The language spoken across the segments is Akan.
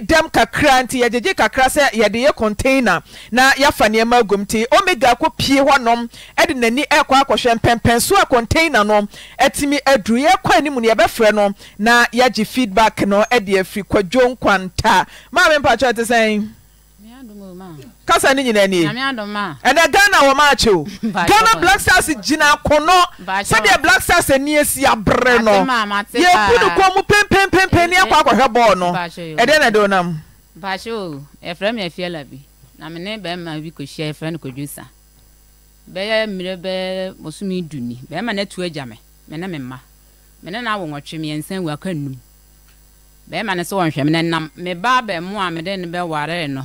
dɛm kakra nti yɛgyegye kakra sɛ yɛde yɛ containa na yɛafa neɛma go m nti omega ko pii hɔnom ɛde n'ani rkɔ akɔhwɛ pɛmpɛn so a containna no atumi aduru yɛrekɔanimu no yɛbɛfrɛ no na yɛagye feedback no de afiri kwadwo kwantaa maa mempakerɛte sɛn kasa ne nyina nie ɛnɛ ghana ma. akye o ghana black stars gyina akɔnɔ sɛdeɛ black stars ani asi abere no yɛku no kɔ mu pempempempe ne akɔ akɔhwɛ bɔɔl no ɛdeɛ na ɛde wonam baakye ɛfrɛ me afiela bi na me ne bɛrima bi kɔhyia ɛfrɛ no kɔdwosa bɛyɛ mmerɛ bɛɛ bɔsomi duni bɛrima no atu agya me me ne me mma me ne no awo nwɔtwe mmiɛnsa wu aka nnum bɛrima no sɛ wɔnhwɛ me ne nam me ba bɛmo a mede no bɛware no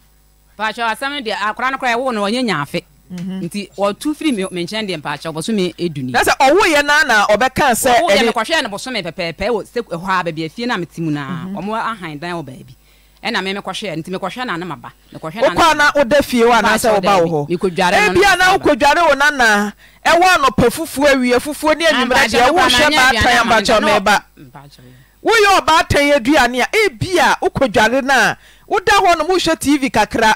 na sɛ ɔwoeyɛ noa na ɔbɛkaa sɛwokɔa na mhm. woda fie ɔ anasɛ woba wo hɔebiana wokɔ dware wo no naa ɛwɔ anɔpa fufuo awia fufuo ne anwummerɛ deɛ wohyɛ baatane abakyɛ me ba woyɛ ɔbaatane adu ane a ebia wokɔ dware no a woda hɔ no mohyɛ tv kakra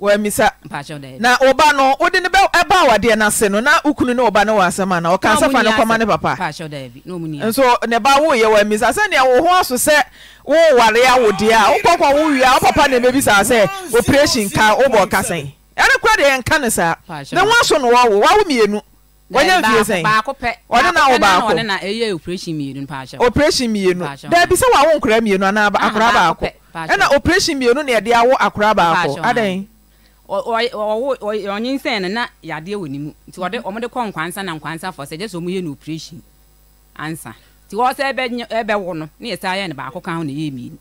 wemisa na woba no wode ne ɛba awadeɛ no ase no na wokunu na woba n'ụwa wɔ na ana ɔka na fa ne papa nso ne ba woyɛ wamisa sɛnea wo ho aso sɛ woware awodeɛ a wokɔkɔ wo wie a wopapa ne mɛbisaa sị operation ka wobɔ ɔka sɛn ɛne kora deɛ yɛnka na saa na nwa aso na wɔwo wawo mmienu wɔnyɛ mfie sɛn ɔne na wo baako operation mmienu daabi sɛ wawo nkora mmienu anaa akora baako ɛna operation mmienu ne ɛde awo akora baako adɛn ɔnyinsɛn no na yadeɛ wɔ ne mu nti ɔde ɔmo de kɔ nkwansa na nkwansa fɔ sɛ gye sɛ ɔmo yɛ no operation ansa nti wɔsɛ ɛbɛwo no ne yɛ sɛ ayɛ no baako ka ho na ɛyɛ mmienu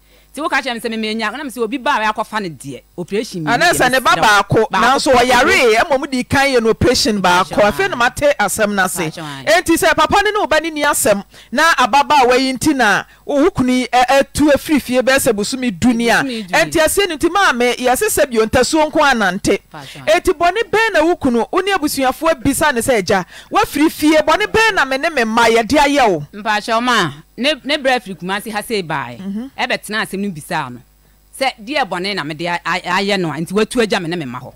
n sɛne ba baako nasoɔyaree mm di kan yɛno praton baak inte ɛm ose nti sɛ papa ne ne wɔba neni asɛm na ababa a waiti nosɛ uonnti bɔne bɛɛ na woknuwone abusuafo bisane sɛ ya wfiri fie bɔne bɛɛ na mene me ma yde ayɛo ne ne brɛ firi kumase ha sɛ baeɛ mhm. ɛbɛtena asɛm no bisaa no sɛ deɛ bɔne na mede ayɛ no a nti watu agya me ne mema hɔ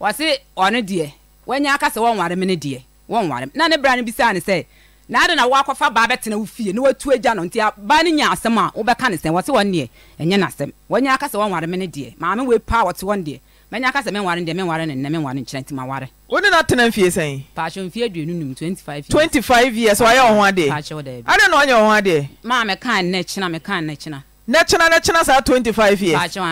wɔse ɔno deɛ wanya aka sɛ wɔnware me ne deɛ wɔnware na ne bra no bisaa ne sɛ na ade na woakɔfa baa bɛtena wo fie na watu agya no nti baa no nya asɛm a wobɛka ne sɛ wɔse wɔn deɛ ɛnyɛ n'asɛm wanya aka sɛ wɔnware me ne deɛ maame wei paa wɔte wɔn deɛ manya aka sɛ menware ne deɛ menware ne nnɛ menware nkyerɛ nti maware wo ne natena mfie sɛn pakyɛmfie aduonu nim twenty-five years wayɛ wo ho adeɛ ade na ɔnyɛ wo ho adeɛ maa mekaa nnɛ kyena mekaa nnɛ kyena na kyena na kyena saa five years pakyɛ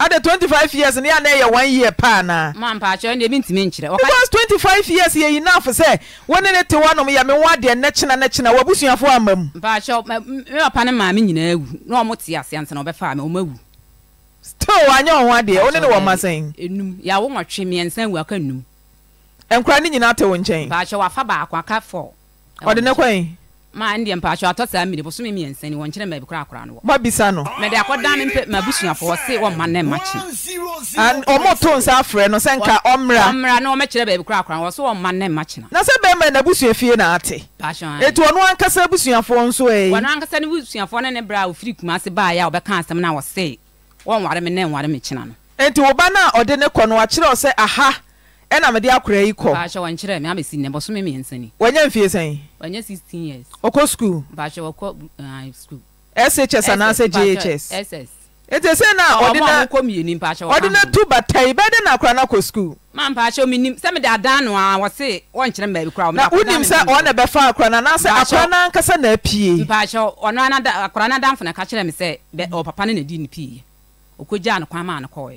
an twenty-five years ne yɛ na ɛyɛ one year paa naa maa mpakyɛ ne ebi ntumi nkyerɛ because five years yɛ enough sɛ wo ne ne te hɔ nom yɛ me ho adeɛ nnɛ kyena nnɛ kyena wabusuafo ama mu mpakyɛ me papa ne maame nyinaa awu na ɔmo te aseɛ ntena ɔbɛfa me ɔmo awu still wanyɛ wo ho adeɛ wo ne ne wɔ ma sɛn enum yɛ awo nwɔtwe mmiɛnsa awu aka enum nkara ne nyina tɛ wo nkyɛnp wfa b ɔde ne kɔi mabisa no ɔma tonsa afrɛ no sɛ nka ɔmmra na sɛ bɛrima nabosua fie na ate enti wɔne ankasa busuafoɔ nsonti woba noa ɔde ne kɔ no wakyerɛ sɛ aha ɛnamede akra i kɔany mfies kshs ansɛ js tisei n ɔde na to batai bɛdɛ na akra no akɔ skuulede keɛ wonim sɛ ɔna ɛbɛfa akora no anasɛ akra nonkasa na apiekɛm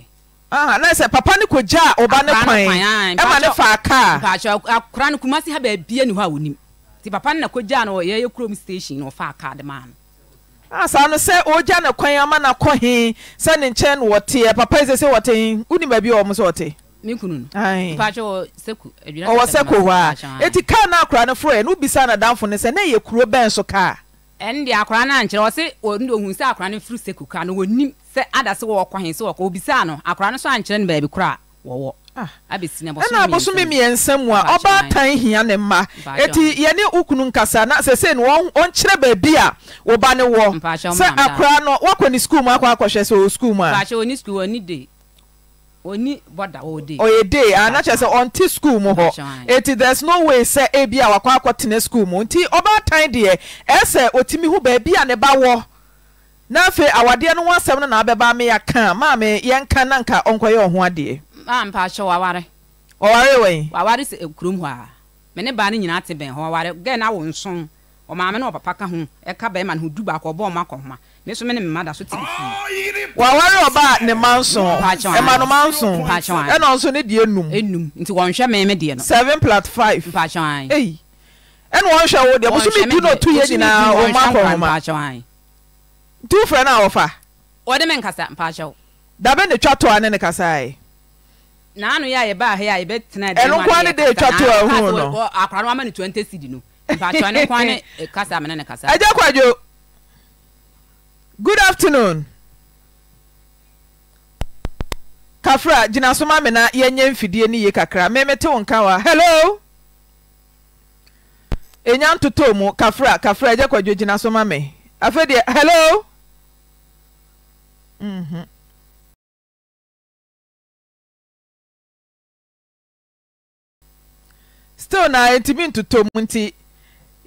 Ah, na papa no kɔgyaa ɔba ne kwan ah, a ne fa akaakora no kuma se ha baabia ne hɔ a wɔnim nti papa no na kɔgyaa no yɛyɛ kurom station na ɔfa aka de maa no ah, saa no sɛ ɔgya ne kwan ama na kɔ he sɛ ne nkyɛn no wɔteɛ papa yi sɛ wɔte wonim baabi a m sɛ wɔte ɔwɔ sɛ ko hɔ a ɛti kar no akora no forɔɛ ne wobisa nadamfo no sɛ na ɛyɛ kuro bɛn so kar ɛnde akora no ankyerɛ ɔhu sɛ akora no firi no wɔnim sɛ adase wɔwɔ kɔhe sɛ wɔkɔ obisaa no akora no so ankyerɛ no baabi kora a wɔwɔ ah. ɛna abosome mmiɛnsa mu a ɔbaa tan hia ne mma ɛti yɛne wo kunu nkasa na sɛsei no ɔnkyerɛ baabi a wo ba ne wɔ sɛ akora no woakɔ ne skuul mu akɔ akɔhwɛ sɛ ɔwɔ skuul mu a ɔyɛ de oye ana kyerɛ sɛ ɔnte skuul mu hɔ ɛti there's no way sɛ ebi a wakɔ tena skuul mu nti ɔbaa tan deɛ ɛɛ sɛ ɔtumi baabi a ne ba wɔ na afei awadeɛ no ho asɛm no maame na nka ɔnkɔyɛ ɔ ho adeɛ mpaware ɔware waware mene baa ne nyinaa te bɛn hɔ ware gɛ na wo nso ɔmaame ne ɔpapa ka ho ɛka bɛrima ne ho du baako ɔbɔ ho, so ne da so ɔba ne ma nsonɛma no ma nson ne deɛ num nti deɛ no seven five nti eh, wo frɛ wɔfa wɔde me nkasa mpaakyɛw dabɛ ne twa toa ne ne ya ebe yɛ yɛbaa ha a yɛbɛtena ɛno nkoa ne de twa toa hu no akwara no ama ne tuante sidi no mpaakyɛw ne nkoa ne eh, kasa me ne ne kasa agya eh, kwadwo good afternoon kafra gyina so ma me na yɛnyɛ mfidie no yie kakra memete wo nka wa hello ɛnya e mu kafra kafra kwadwo gyina so ma me afei deɛ hello Mm-hmm. still na ɛntimi ntotomu nti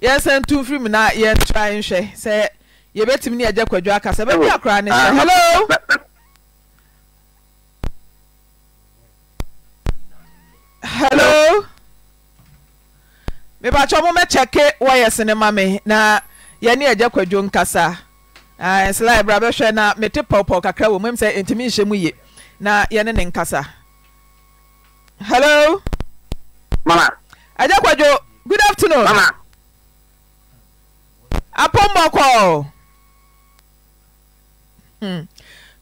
yɛnsa ntomfri mu noa yɛnta nhwɛ sɛ yɛbɛtimi ne yɛgya kwadwo akasa bɛia koraa ne sɛlo mebakyeɛmo mɛkyɛke wɔyɛ sene ma me na yɛne yɛgya kwadwo nkasa sila bra bɛhwɛ na mete pɔwpɔw kakra wɔ mam sɛ ɛntimi nhyɛ mu ye na yɛne ne nkasa hello mama agya kwadwo good afternoon mama apɔmmɔkɔ hmm.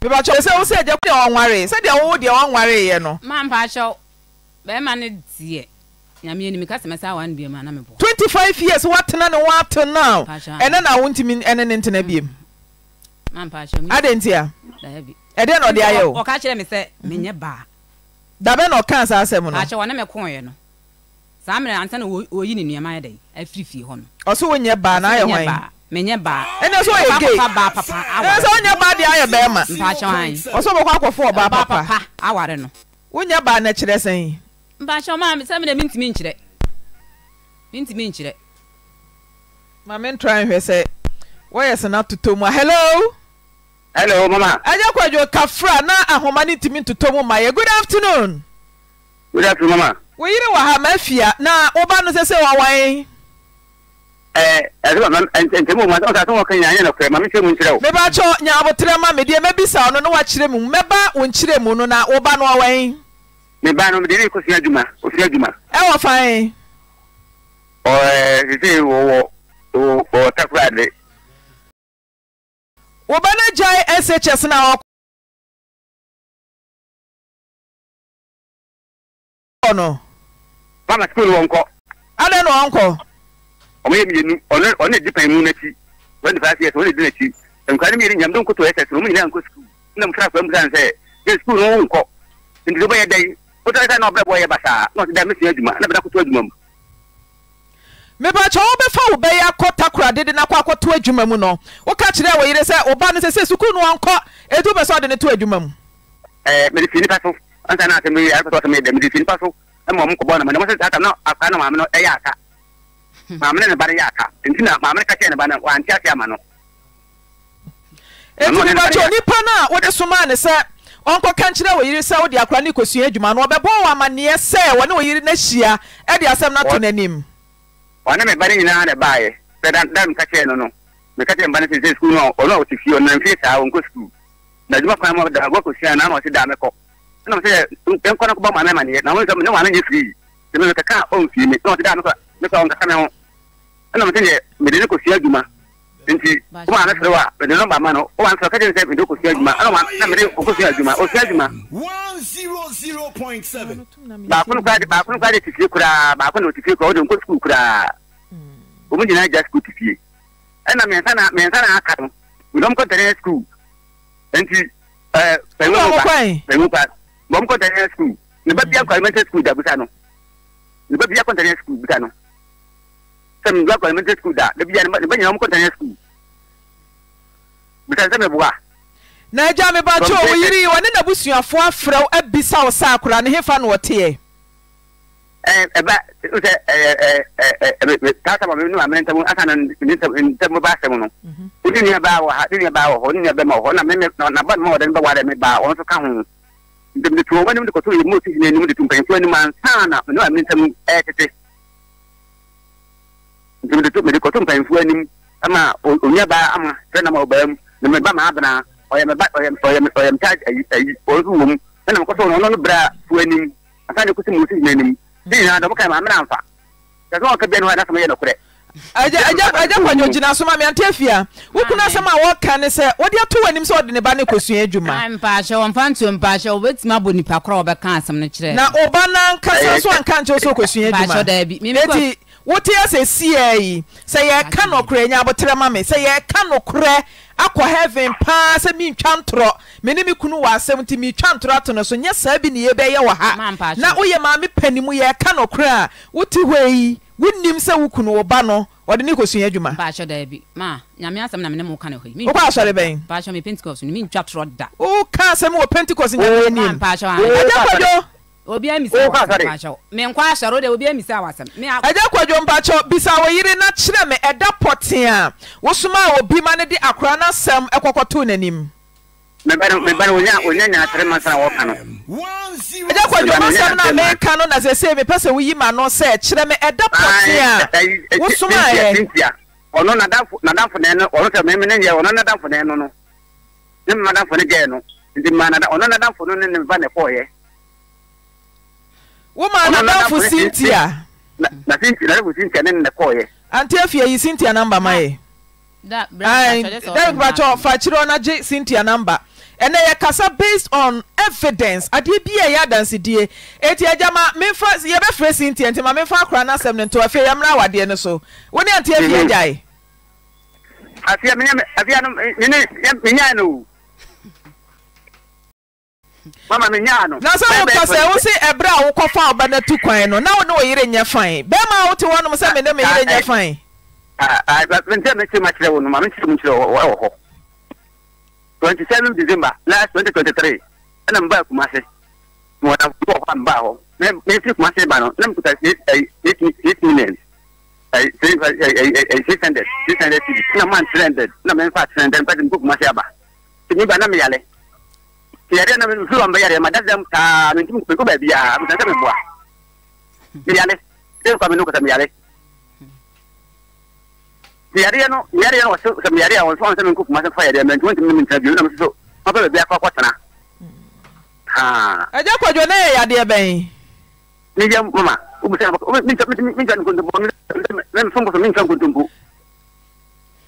mepakyɛ sɛ wo sɛ agya deɛ wɔnware sɛdeɛ wowo deɛ wɔnwareeɛ no mampakyɛw bɛrima no deɛ nyame anim ka sɛ mɛsa wa no ana 25 years woatena ne woatena ɛnɛ na wontimi ɛne ne ntena biom adɛn nti a na ɔde ayɛ o baa dabɛ na ɔka saa asɛm no saa mmerɛ ansa na wɔyi ne nnuama yɛ dɛn afiri fie hɔ no ɔso wonyɛ baa na ayɛ hwan menyɛ baa ɛnɛ so ɔyɛ gay ɛnɛ sɛ wonyɛ baa deɛ ayɛ bɛɛma mpakyɛ hwan ɔso bɛkɔ akɔfo ɔbaa papa aware no wonyɛ baa na kyerɛ sɛn mpakyɛ ma sɛ mede mentimi nkyerɛ mentimi nkyerɛ ma nhwɛ sɛ wɔyɛ na totɔ mu a hello hello mama. ẹ̀yẹ́ kwadwo kafra na ahoma ne ntumi ntutu mu ma yẹ good afternoon. good afternoon mama. wò yiri wà ha ma fia na ọba no sẹsẹ wà wáyé. ẹ ẹ sọ ma ntẹmu ma ọsàn sọ wọn kan yàn án yẹn nọkùrẹ ma mi kyerẹ mu nkyerẹ o. mẹba atwa nya abotire ma mi diẹ mẹbi sa ọno na wa kyerẹ mu mẹba wọn kyerẹ mu no na ọba no wáyé. mẹba no mi di ne ko si adwuma ko si adwuma. ẹ e wọ fan. ọ ẹ oh, sisi eh, wọ wọ wọ takura de wɔbɛnagyae shs na no bana school wɔ nkɔ adɛn na ɔnkɔ ɔmoyɛ mmienu ɔne ɔne di pan mu n'akyi wɔne five years ɔne di n'akyi nkwa ne mmienu nyam de nkoto ɛsɛ sɛ ɔmo nyinaa nkɔ school na mfra fam san sɛ yɛ school no wo nkɔ nti so bɛyɛ dɛn wotɔ sɛ na ɔbrɛ bɔ yɛ basaa na ɔte dɛ mesua adwuma na bɛda koto adwuma mu mebakyɛ wobɛfa wo bɛyɛ akɔ takora dede na kɔ akɔto adwuma mu no woka kyerɛ wo yere sɛ woba no sɛ sɛ sukuu no wankɔ ɛdu bɛ sɛ ɔde ne to adwuma mu mede fii nipa so ansa na asɛm yi ɛpɛ sɛ ɔsɛm mede fii nipa so ma ɔmo kɔbɔ no mɛdɛ mɔsɛ aka na aka na maame no ɛyɛ aka maame ne ne ba no yɛ aka nti na maame no ka kyerɛ ne ba no wante ase ama no ɛnti mebakyɛ onipa no a wode somaa ne sɛ ɔnkɔka nkyerɛ wɔ yere sɛ wode akora ne kɔsua adwuma no ɔbɛbɔ wɔ amanneɛ sɛ wɔne wɔ yere no ahyia ɛde asɛm no ato n'anim ɔne me ba ne nyinaa na baayɛ sɛ da da meka kyerɛ no no meka kyerɛ mba no sɛ sɛ sukuu no ɔno a ɔte fie ɔnam fie saa ɔnkɔ sukuu na adwuma kwan mu da agua kɔsua na na ɔte da mekɔ ɛna sɛ ɛnkɔ no kɔbɔ maame ma neɛ na wɔn sɛ ne maame nyɛ firi sɛ mekeka a ɔmfie me na ɔte da mekɔ mekɔ ɔnkasa me ho ɛna sɛ deɛ mede ne kɔsua adwuma nti wọn àná sọrọ wa ẹni nọmba ma no wọn àná sọrọ kẹjọ nsẹfì ní o kò sí adwuma ẹnna wọn àná mẹrin o kò sí juma o sí juma one zero zero point seven. baako ni kura de baako ni kura de titi kura baako hmm. ni o titi kura o de nko sukuu kura o mu nyinaa gya sukuu titi ɛnna mmiɛnsa na mmiɛnsa na aka no ndɔm kɔ tɛnɛ sukuu nti ɛɛ eh, pɛngu mu ba pɛngu ba ndɔm kɔ tɛnɛ sukuu ne ba hmm. bi akɔ elementary sukuu dabusa no ne ba bi akɔ tɛnɛ sukuu busa no. sɛ mi gba parliamentary school da dabi a ne ba nyina wɔn kɔ ntanya school bisa sɛ mi na agya mi ba tí o yiri wɔne n'abusuafo afrɛw abisa o sa akora ne hefa na ɔteɛ. ɛɛ ɛba sɛ ɛɛ ɛɛ ɛɛ taata maame ne maame ntɛm asa na ntɛm ba asɛm no o ni nua baa wɔ ha ne nua baa wɔ hɔ ne nua bɛɛ ma wɔ hɔ na mɛ na na ba ne ma wɔ dɛ ne ba wɔ adɛ mɛ baa wɔn nso ka ho ntɛm de tuwo wɔn anim de kɔtɔ yɛ mu osi nyɛ de tu mpanyinfoɔ anim ansa na ne maame ntɛm ɛɛ tete. nti mede mede kɔto mpanyinfoɔ anim ama onua ba ama sɛ nam ɔbaa mu na meba ma abena ɔyɛ meba ɔyɛ ɔyɛ ɔyɛ mta ayi ayi ɔnso wɔ mu ɛna mekɔsɛ ɔno ɔno no bra fo anim asan de kɔsi mu osi gyina anim ne nyinaa dɔm kan maame n'amfa sɛ sɛ ɔka bia no hɔ anasɛm yɛ nɔkorɛ agya kwanyo gyina so ma meante afia wokunu asɛm a wɔka ne sɛ wode ato w'anim sɛ wɔde ne ba ne kɔsua adwuma mpahyɛ wɔmfa ntuo mpahyɛ wɔbɛtumi abɔ nnipa korɔ a wɔbɛka asɛm no kyerɛ na ɔba no ankasa so anka nkyɛw sɛ ɔkɔsua adwuma ɛti wote asɛsiea yi sɛ yɛrka nokorɛ nya aboterɛ ma me sɛ yɛrka nokorɛ akɔ heaven paa sɛ mentwa ntorɔ mene me kunu wɔ asɛm nti metwa ntorɔ ato no so nyɛ saa bi ne yɛbɛyɛ wɔ ha na woyɛ maa me pani mu yɛrka nokorɛ a wote hɔ yi wonim sɛ wo kunu wo ba no ɔde ne kɔsua adwuma wokɔ asɔre bɛn woka asɛm wɔ pentecost nyame anim agya kwadwo obi amisa wasampakyɛw menkɔ ahyɛre de obi amisa wasɛm ɛgya kwadwo mpakyɛw bisa wo yere na kyerɛ me ɛda pɔtee a wosoma a obi ma no de akora no asɛm ɛkɔkɔtoo n'anim ɛgya kwadwo masɛm no a meka no na sɛsei mepɛ sɛ woyi ma no sɛ kyerɛ me ɛda pɔtee a wosomaɛ ɔno nadafo nɛ no ɔno sɛ meme ne yɛ ɔno nadafo nɛ no no ne mema nadafo no gyɛɛ no nti ma ɔno nadafo no ne ne mfa woma nabɛfo sintia anteafi yi sintia na mba ma yɛaba fa kyerɛwɔ no gye sintia na mba ɛnɛ yɛkasa based on evidence adeɛ bia yɛ adansediɛ ɛti agyama mefa yɛbɛfrɛ sintia nti ma mefa akora no asɛm no nto afei yɛ mmera awadeɛ no so wene antea fie gyae mama mi nyaa no. na sɛ wokɔ sɛ wo se ɛberɛ a wokɔfa ɔba no tu kwan no na wo ne wo yere nyɛ fan bɛrima a wote hɔnom sɛ me ne me yere nyɛ ah, ah, fan. Ah, ntɛ mekyerɛ ma kyerɛ wo no ma mekyerɛ mu kyerɛ wɔ hɔ twenty seven december last twenty twenty three ɛna mbaa kumase na wɔda wɔ hɔ a mbaa hɔ na mesi kumase ba no na mkuta eh, eh, eight million eh, six hundred six hundred tv na man three hundred na mɛmfa three hundred mpɛsɛ mkɔ kumase aba tumi ba na meyale yɛdeɛ no mfiri wɔ mbɛyɛdeɛ madadam saa mentim mekɔ baabiaa mesɛ sɛ meboa meyare sɛ mfa me no kɔ sɛ meyare yɛdeɛ no yɛdeɛ no wɔse sɛ meyare a wɔmfa sɛ menkɔ kuma sɛ mfa yɛdeɛ mantimi ntimi ne mentena bio nam so mfa baabia kɔ akɔtena agya kwadwo na yɛ yadeɛ bɛn meyɛ mama wobusɛ mentwa nkontompo memfa nkɔsɔ mentwa nkontompo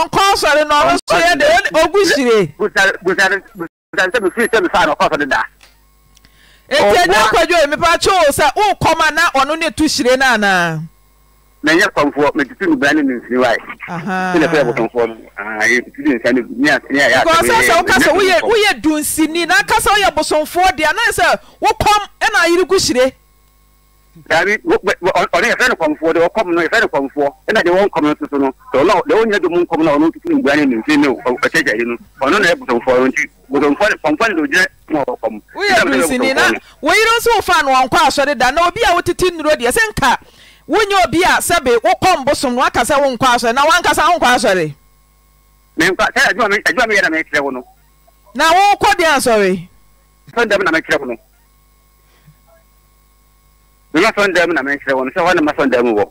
ɔnkɔ sɔre na ɔno so yɛ de ogu sire. busasɛmi firi sɛmi fa na ɔkɔ da. eti ɛnyɛ akwadwo emi pa kyew sɛ ɔkɔ ma na ɔno ne tu sire na na nyɛ kɔnfoɔ mɛ tutu nubira ne ne nsiri wa ye. ɛna fɛn bɛ kɔnfoɔ ayi tutu ne nsa ne a ne a y'a sɛbɛn. nkɔsɛ sɛ wokasɛ dunsini n'akasɛ woyɛ bosomfoɔ deɛ anayɛ sɛ wokɔm ɛna ayiri sire dabi ɔno yɛfrɛ no kɔmfoɔ deɛ ɔkɔm no yɛfrɛ no kɔmfoɔ ɛna deɛ wɔnkɔm no soso no deɛ ɔnyɛ do mu nkɔm no ɔno tutu mbua ne nemfe ne ɔkyɛgyare no ɔno na yɛ bosomfoɔ no nti bosomfoɔ ne kɔmfoɔ ne de ogyina ma ɔkɔm woyɛ dunsini na woyere nso wofa no ɔnkɔ asɔre da na obi a wotete nnuro deɛ sɛ nka wonyɛ obi a sɛbe wokɔm bosom no aka sɛ wonkɔ asɔre na wankasa wonkɔ asɔre menkɔ sɛ adwuma meyɛ na mekyerɛ wo no na wokɔ deɛ asɔre sɛ ndɛm na mekyerɛ wo no mema sɔn dan mu na menkyerɛ wɔn sɛ hɔ na ma sɔn dan mu wɔ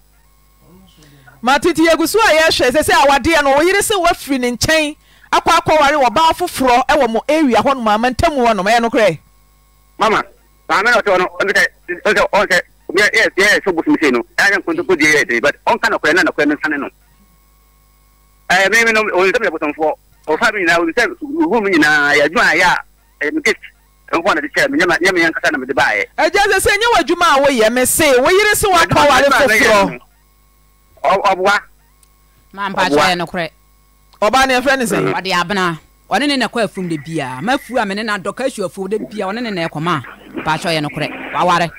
ma tete yɛgu a yɛhwɛ sɛ sɛ awadeɛ no wɔyere sɛ woafiri ne nkyɛn akɔ akɔware wɔbaa foforɔ ɛwɔ mo area hɔ nom ama ntamu hɔ nom ɛyɛ nokorɛ mama maame na ɔtɔ no ɔnkɛ ɔnkɛ yɛ yɛ so bosom sei no ɛyɛ nkontompo die yɛ de but ɔnka nɔkorɛ na nɔkorɛ no nsane no ɛɛ meme no ɔnsɛm yɛ bosomfoɔ ɔfa mi nyinaa ɔnsɛ ohum nyinaa yɛ adwuma ayɛ eh, a ɛyɛ no kesi nkwa na de kyerɛ me nyɛ nyɛ me yɛn kasa na mede baayɛ. ɛgya sɛ sɛ nyɛ w'adwuma a woyɛ me se woyere se wakɔ ware foforɔ. ɔboa. maa mpa kyerɛ no korɛ. ɔbaa ne ɛfrɛ ne sɛ. Mm-hmm. ɔde abena ɔne ne na ɛkɔ de bia ma afu a me ne na dɔ ka asu afuo de bia ɔne ne na ɛkɔma mpa kyerɛ no korɛ waware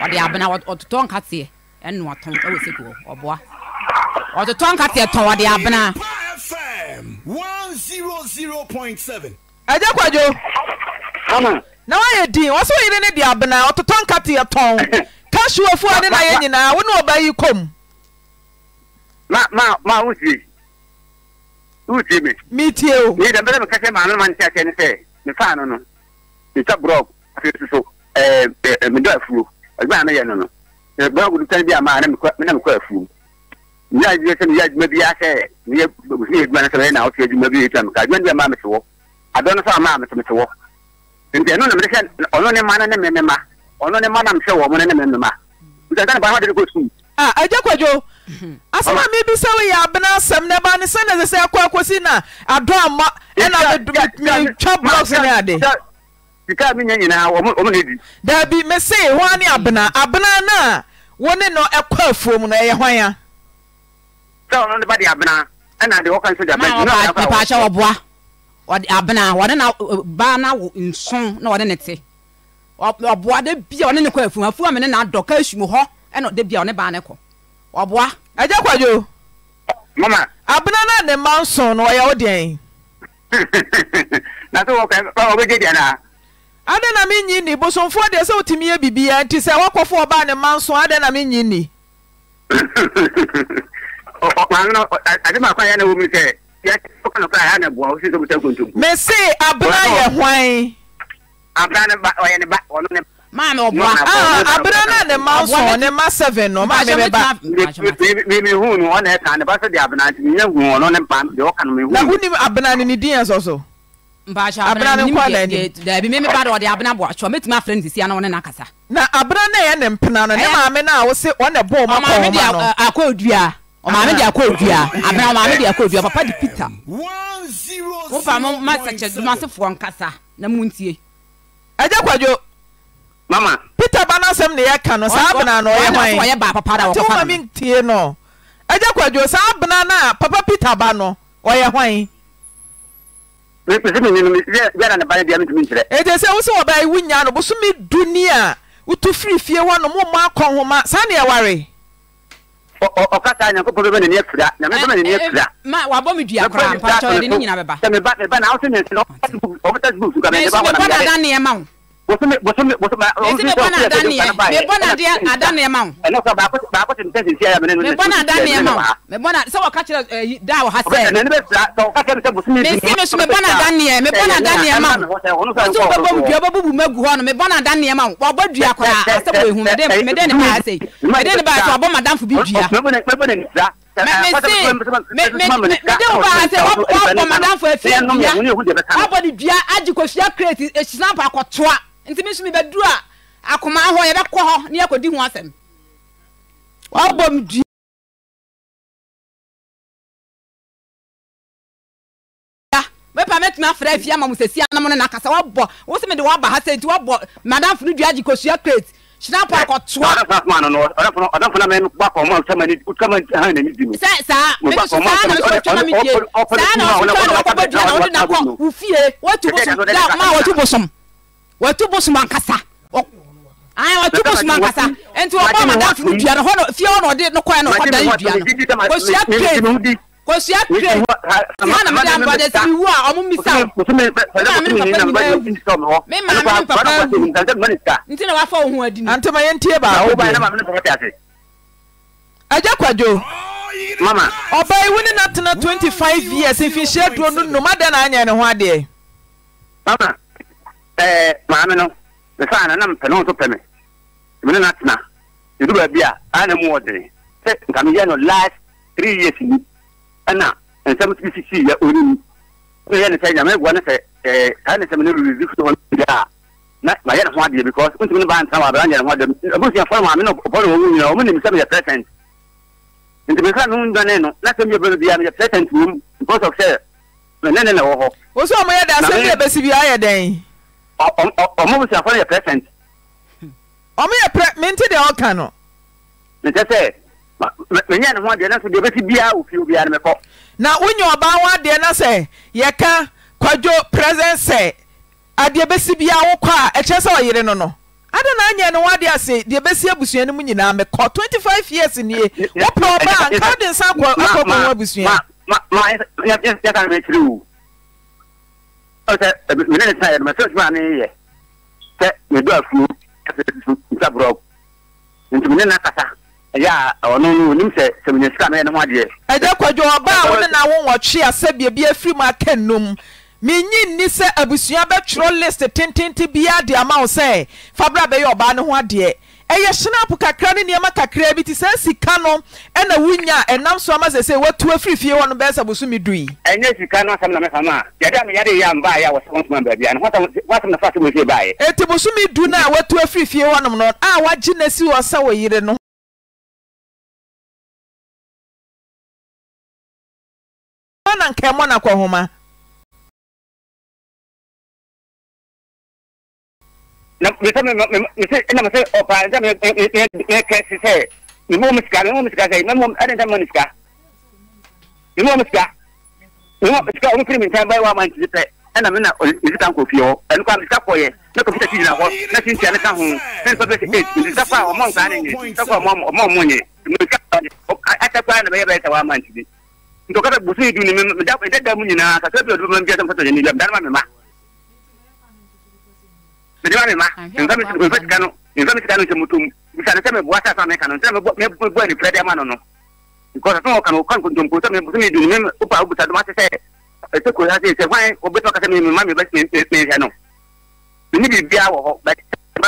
ɔde abena ɔtotɔ nkateɛ ɛnu atɔn ɛwɔ seko ɔboa ɔtotɔ nkateɛ tɔn ɔde abena. ɛjẹ kwajo na wayɛ din wɔn sɛ wɔyere ne de abena ɔtotɔ nkate ɛtɔn kasuafo ne na yɛ nyinaa wo ne ɔba yi kɔm. ma ma ma wuti wuti mi. mi tie o. mi dɛm bɛrɛ mi kɛse maa ma n ti akyɛ ne sɛ mi fa ano no mi ta brɔg afi soso ɛɛ ɛɛ mi dɔ afuo ɛgbɛn ano yɛ no no ɛɛ brɔg no tɛn bi a maa ne mi kɔ ne mi kɔ afuo mi yɛ adwuma sɛ mi yɛ adwuma bi asɛ mi yɛ mi yɛ adwuma sɛ mi yɛ na ɔtí adwuma bi yɛ tɛm ka adwuma bi a mi ti wɔ adɔ no sɛ ɔmaa mi ti wɔ nti ɛno nam sɛ ɔno ne ma no ne memema ɔno ne ma nam sɛ wɔ mo no ne memema nti ɛsɛ ne ba hɔde ne kɔ sukuu a agya kwadwo mhm. asɛm a mebisa wo yɛ abena asɛm na ɛba ne sɛ na ɛsɛ sɛ ɛkɔ akɔsi na adɔ ama ɛna metwa blocks ne ade sika mi nya nyinaa wɔn wɔn na edi. daabi mese hwan ne abena abena na wɔn ne no ɛkɔ afuo mu na ɛyɛ hwan ya. sɛ ɔno ne ba de abena ɛna de wɔka nso de abena. maa ɔba nipa akyɛ wɔ boa. abena wɔde baa na awo nson na wɔde ne te ɔboa de bia ɔne ne kɔ afu afu amene na adɔ kaa esum hɔ ɛna ɔde bia ɔne baa ne kɔ ɔboa. ɛjẹ kwadwo. mama. abena na ne ma nson no ɔyɛ ɔdeɛn. na so wɔkɛ ɔbɛgye deɛ naa. adɛ na mi nyi ni bosomfoɔ deɛ sɛ otumi yɛ bibiya nti sɛ wɔkɔfo ɔbaa ne ma nson adɛ na mi nyi ni. ɔ ɔ maa nínú ɔ adé maa kọ́ ayé na wọ́n mi sẹ́ mese se yɛ hwan abena no ne ma nson ne ma seven no ma na wonim abena no ne so na abena na ne mpena no ne maame no a wo se ɔmaame de akɔ odua abena ɔmaame de akɔ odua papa di peter wofa mo ma sɛkyɛ duma sefoɔ nkasa na mu ntie ɛgye kwadwo mama peter ba no asɛm ne yɛka no saa abena na ɔyɛ hwan ba papa da nti woma me ntie no ɛgye kwadwo saa abena no a papa peter ba no ɔyɛ hwan ɛgye sɛ wo sɛ wɔbaa yi wonya no bosome du ni a wotu firi fie hɔ no momma akɔ homa saa ne ɛware ɔkasa nyankopɔn bɛbɛ nani afira nyame nani afira ma wabɔ me dua koraa mpatɔ yɛde ne nyina bɛba na wo sɛ mensɛ ɔbɛta book ka mɛde ba bosome bosome bosome. esi mi bɔ na ada ni yɛ na adiɛ ada ni yɛ ma o. ɛnɛ sɔ baako baako ti n tɛ sisi ayamɛ ne o mi bɔ o. wotu bɛ bɔ mu dua bɛ bubu eɔaafoɔ de dua agikosua crate hyinampa akɔtoa nti miso mebɛdur a akoma hɔ yɛbɛkɔ hɔ ne yɛakɔdi ho asɛm wɔbɔ da mpa mɛtumi afra afie ma msasianom no nasa wbɔwos mede wba ha sɛ nti wbɔ madamfo no dua agikosua crate sina pa akɔtoa. ɔdɔ fana kuma nɔ ɔdɔ fana mɛ ba kɔ ɔmɔ sɛmɛ ni kama hɛn na mi di mi. sɛ saa ebi sɔ saa na sɔ tɔnɔ mi die saa na sɔ tɔnɔ ɔkɔ bɛ dua na ɔdi na kɔ u fie wɔtu bosom da ma wɔtu bosom wɔtu bosom ayi wɔtu bosom ankasa nti wɔn bɔ ɔmɔ da dua na fie na ɔdi ne kɔɛ na ɔkɔ da yi dua na kosua pee kòsua train ti ha na mi da mpade si mi wu a ọmọ mi sa o mi maa mi ni papa nyinaa ewu mi maa mi ni papa ewu nti na wafa ohun adi ni. antoma yẹn tie baako bi ẹjẹ kwajo mama ọba iwu ni natena twenty five years nfinhyia aduro no nnum de na anya ne ho adeɛ. mama ɛɛ maame no nfa ana nam pɛ ne ho so pɛ mi mi ne natena edu baabi a ana mu wɔ dene sɛ nka mi yɛ no last three years ni ɛna nsɛm ti sisi yɛ onim ne yɛ ne sɛ nyame bua ne sɛ ɛɛ saa ne sɛm ne release hɔ ne a na ma yɛ ne ho adeɛ because ntumi ne ba ntena wa abɛrɛ nyɛ ne ho adeɛ abusuafoɔ maame no bɔre wɔn mu nyinaa wɔn nim sɛm yɛ present nti mɛka no ndwane no na sɛm yɛ bɛrɛ bi a yɛ present wɔm because of sɛ ne ne na wɔ hɔ. wosu ɔmo yɛ da sɛm yɛ bɛsi bi ayɛ dɛn. ɔmo abusuafoɔ no yɛ present. ɔmo yɛ pre minti deɛ ɔka no. nkyɛ sɛ menya ne ho adeɛ nanso deɛ bɛsi biara wɔ fie ya no mɛkɔ na wonya ɔbaa ho adeɛ na sɛ yɛka kwadwo present sɛ adeɛ bɛsi biara wokɔ a ɛkyerɛ sɛ ɔyere no no ada na anyɛ ne ho adeɛ ase deɛ bɛsi abusua no mu nyinaa mɛkɔ 25 years nie wopɛ ɔbaa nka wode nsa ma ho abusua yɛka no sɛ mene ne yɛ ne yɛ sɛ medu afuo nti mene na kasa ɛyɛ a ɔno no onim sɛ sɛ menya sika na ɛyɛ ne ho adeɛ ɛdɛ kwadwo ɔba a wo ne na wo nwɔtwe a sɛ biribi afiri mu aka nnum menyi nni sɛ abusua bɛtwerɛ list tentente biara de ama wo sɛ fa bra bɛyɛ ɔbaa ne ho adeɛ ɛyɛ hyenapo kakra ne nneɛma kakra bi te sɛ sika no ɛna wonya ɛnam so ama sɛ watu afiri fie hɔ no bɛɛ sɛ bosome dui ɛnyɛ sika no asɛm na mɛfa ma a yɛde a meyɛde yɛ ambaa yɛ a baabi a no woasɛm na fa sɛ mɔsie baeɛ ɛti bosome du no a watu afiri fie hɔ nom no a wagye na si hɔ sɛ wo yere no ọ na nke mụ nakwa ọhụma na ɛnam na ɔpaa na mɛkɛ na sɛ na m sika na m sika na ɛne na mmɔ na sika na m sika na sika na me na bɛyɛ na ama na pɛ na mena na nkɔ na hɔ na kora na kɔyɛ na na si na na na na na na na na na na na na na na na na na na nti ɔkasa busu yi duni mi ɛdɛ da mu nyinaa kasa bi ɔdun mi bi ɛsɛm kasa yɛ ni bi ɛdan ma mi ma ɛdi ma mi ma nfa mi nfa sika no nfa mi sika no nsɛm tom bisani sɛ mi bu asa san mi ka no nsɛm mi bɔ mi bɔ ɛnifɛ di ama no no nkɔsɔ sɛ ɔka no ɔka nkontompo sɛ mi busu mi duni mi opa obusa dum ase sɛ ɛsɛ kuro ase sɛ hwan ɔbɛtɔ bɛ mi mi mi mi ni bɛ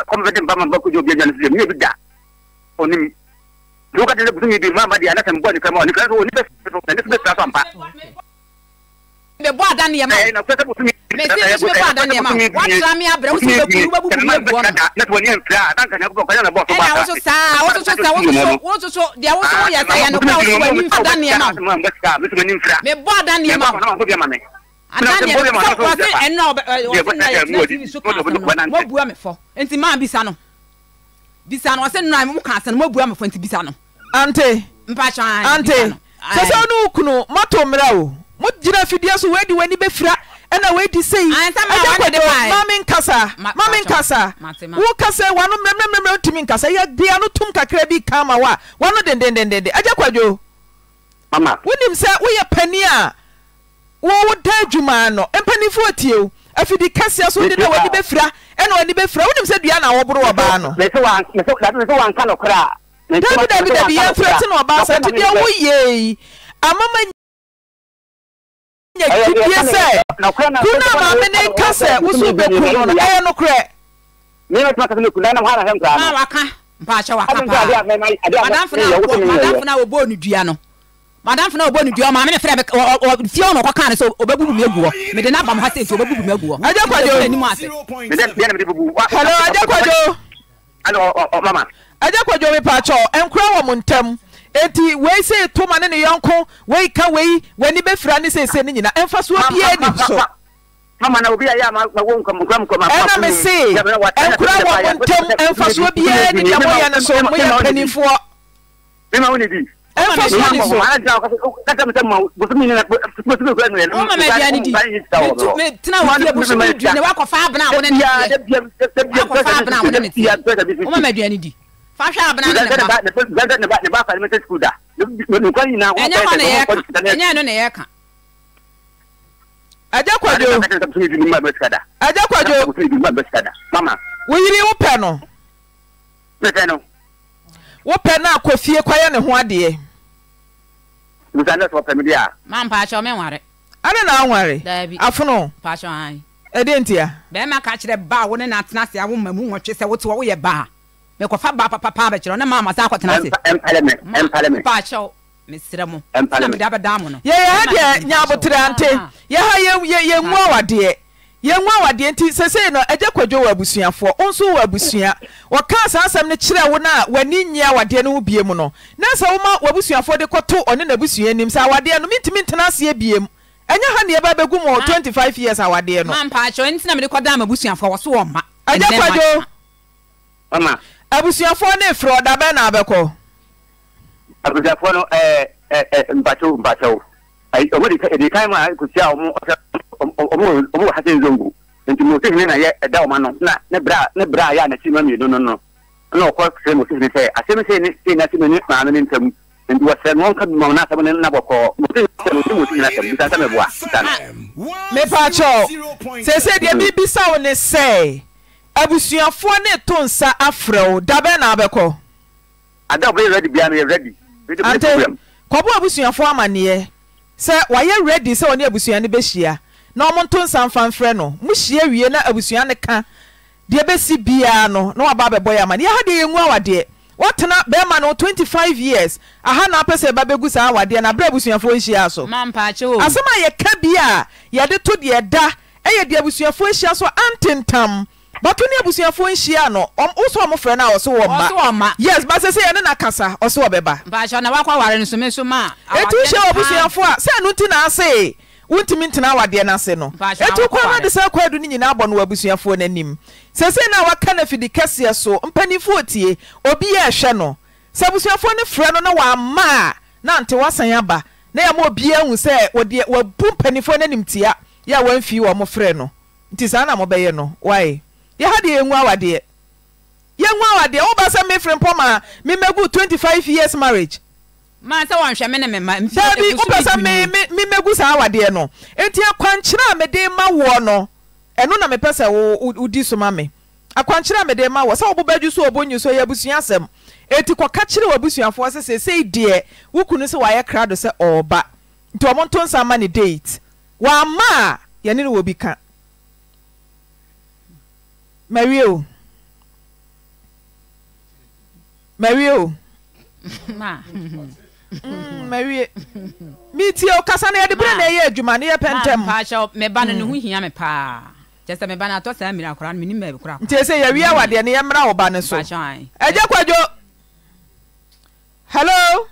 kɔmi fɛ ti tí o ka tẹsẹ bùsùn yìí bi máa ma di àná nìkan mọ nìkan sọ onífẹ sọ ẹni sọ sọ àmpa. mẹ bọ àdá nìyẹn ma mẹ sí ẹni sọ bọ àdá nìyẹn ma wà á tẹ̀lé mi abẹrẹ wọ́n sọ bẹ bẹ kú yẹ bọ̀ nù. ẹ na woso saa woso so saa woso so woso so diẹ woso wo yẹ sẹyẹ nìkan woso wẹ ní nfida nìyẹn ma mẹ bọ àdá nìyẹn ma àdá nìyẹn sọ wọ́n sẹ ẹnu ọ̀bẹ ọ̀sìn náà yẹ kí n sọ kàn án mo bu ẹ̀ mi máa ntsɛ sɛ wo ne ho kunu mato mmera o mogyina fidiɛ so waadi w'ani bɛfira ɛna wadi sɛi amenkasawoka sɛ wano mmrɛɛtumi nkasa yɛbua no tom kakra bi kama wa a wano denee agya kwadwoo wonim sɛ woyɛ pani a wowo daa adwumaa no mpanifo atio afidi kɛseɛ so de na w'ani bɛfira ɛna w'ani bɛfira wonim sɛ dua na wɔboro ɔbaa no. dabi dabi dabi yɛn fira ti na ɔbaa sɛ ti deɛ woyɛ yi amama nyɛ gyidie sɛ kuna maame ne nka sɛ woso bɛku no no ɛyɛ no korɛ. na waka mpaakyɛ waka paa madamfo na wobɔɔ ne dua no madam fana obo ni dua maame ne fẹrẹ bẹ fie ọna ọkọ kan ne so obe bubu mi egu wọ mede n'aba mu ha sẹ nti obe bubu mi egu wọ. ajẹ kwajo hello ajẹ kwajo. ajẹ kwajo mi paatọ nkura wọ mu ntẹm eti wei sẹ toma ne ne yɔnko wei ka wei w'ani bɛ fira ne sese ne nyina ɛnfa so obi eni so. mama na obi a yɛ a ma wo nkɔmɔ nkɔmɔ. ɛna mi se nkura wɔ mu ntɛm ɛnfa so obi eni dɛm yɛ ne so mo yɛ mpanimfoɔ. mi ma wo ni di fahwɛ abena ne ba ɛnyɛ no na yɛka agya kwadwo agya kwadwo woyiri wopɛ no wopɛ no a kɔfie kɔyɛ ne ho adeɛ pewane naaware afon ɛdntiama a kyerɛ ba wonnatease womame sɛ wote woyɛ baa mekfa bapaabɛkyerɛ syɛyɛa deɛ nyabotere nt ɛyɛmuawadeɛ yɛnhu awadeɛ nti sesei no agya kwadwo wɔ abusuafoɔ wo nso wɔ abusua wɔkaa saa asɛm no kyerɛ wo no a w'ani nyia awadeɛ no ho bie mu no na sɛ woma w'abusuafoɔ de kɔto ɔne n'abusua anim sɛ awadeɛ no mentumi ntena aseɛ biem ɛnyɛ ha ne yɛbɛ bɛgu mu 25 ah. years awadeɛ no agya kwadwo abusuafoɔ ne frɛ ɔda bɛn na abɛkɔ abusuafoɔ no eh, eh, eh, mpakyɛw mpakyɛw ọmọ de kan ma kò sí a ọmọ ọmọ ọmọ wà hasi zongo nti mo sisi na yɛ ɛda ɔma no na ne bra ne bra yɛ a n'akyi ma mienu no no na ɔkɔ sɛ mo sisi sɛ asɛm sɛ ne sɛ n'akyi ma ne maame ne ntam nti wɔsɛ no wɔn ka ma na asɛm ne na bɔkɔ mo sisi sɛ mo sisi mo sisi na sɛm nta sɛm ɛboa nta no. mepaakyɛw sese deɛ bi bisa wo ne sɛ abusuafoɔ ne to nsa afrɛ wo dabɛn na abɛkɔ. ada ɔbɛyɛ rɛdi bia no yɛ rɛdi. ante kɔbɔ abusuafoɔ amaneɛ sɛ wayɛ ready sɛ ɔne abusua no bɛhyia na ɔmo nto nsa mfamfrɛ no mo hyia wie na abusua no ka deɛ bɛsi biara no na waba abɛbɔ yɛ ama no yɛha deɛ yɛngu awadeɛ watena bɛrima no twenty five years aha na apɛ sɛ babɛgu saa awadeɛ na abirɛ abusuafoɔ nhyia so asɛm a yɛka bi a yɛde to deɛ da ɛyɛ deɛ abusuafoɔ ahyia so antentam bɔto ne abusuafoɔ nhyiaa no wosoɔ mo frɛ noa ɔsewɔ may bs sɛ ɛne nkasaɔsebɛba buafoɔ asɛnoasewose koa nde sa kɔaadu ne nyinaa abɔ nowabusuafoɔ noanim sɛsei na waka na afidi kɛseɛ so mpanimfoɔ tie ɔbi ya ɛhwɛ no sɛ abusuafoɔ no frɛ no ne wama a nantewasane aba na ɛmabi u sɛabu mpanifoɔ oniiaffɛ yɛha deɛ yɛngu awadeɛ yɛngu awadeɛ woba sɛ mefiri mpɔ ma twenty-five years marriage daabi wopɛ sɛ memɛgu saa awadeɛ no enti akwankyerɛ a mede ma woɔ no ɛno na mepɛ sɛ wodi so ma me akwankyerɛ a mede ma wɔ sɛ wobobɛdwu so wɔbɔnyi so yɛ abusua asɛm enti kɔka kyerɛ w'abusuafoɔ sɛ seesei deɛ wo kunu sɛ wayɛ krado sɛ ɔɔba nti ɔmo nto nsa ma ne date wamma a yɛne ne wɔ bi ka mɛwie o mawie omawie mm, mitieo kasa no yɛde berɛ ne ɛyɛ adwumane yɛpɛntɛmu ntiɛsɛ yɛwie awadeɛ mm. no yɛmmra wo ba ne so aya kawo helo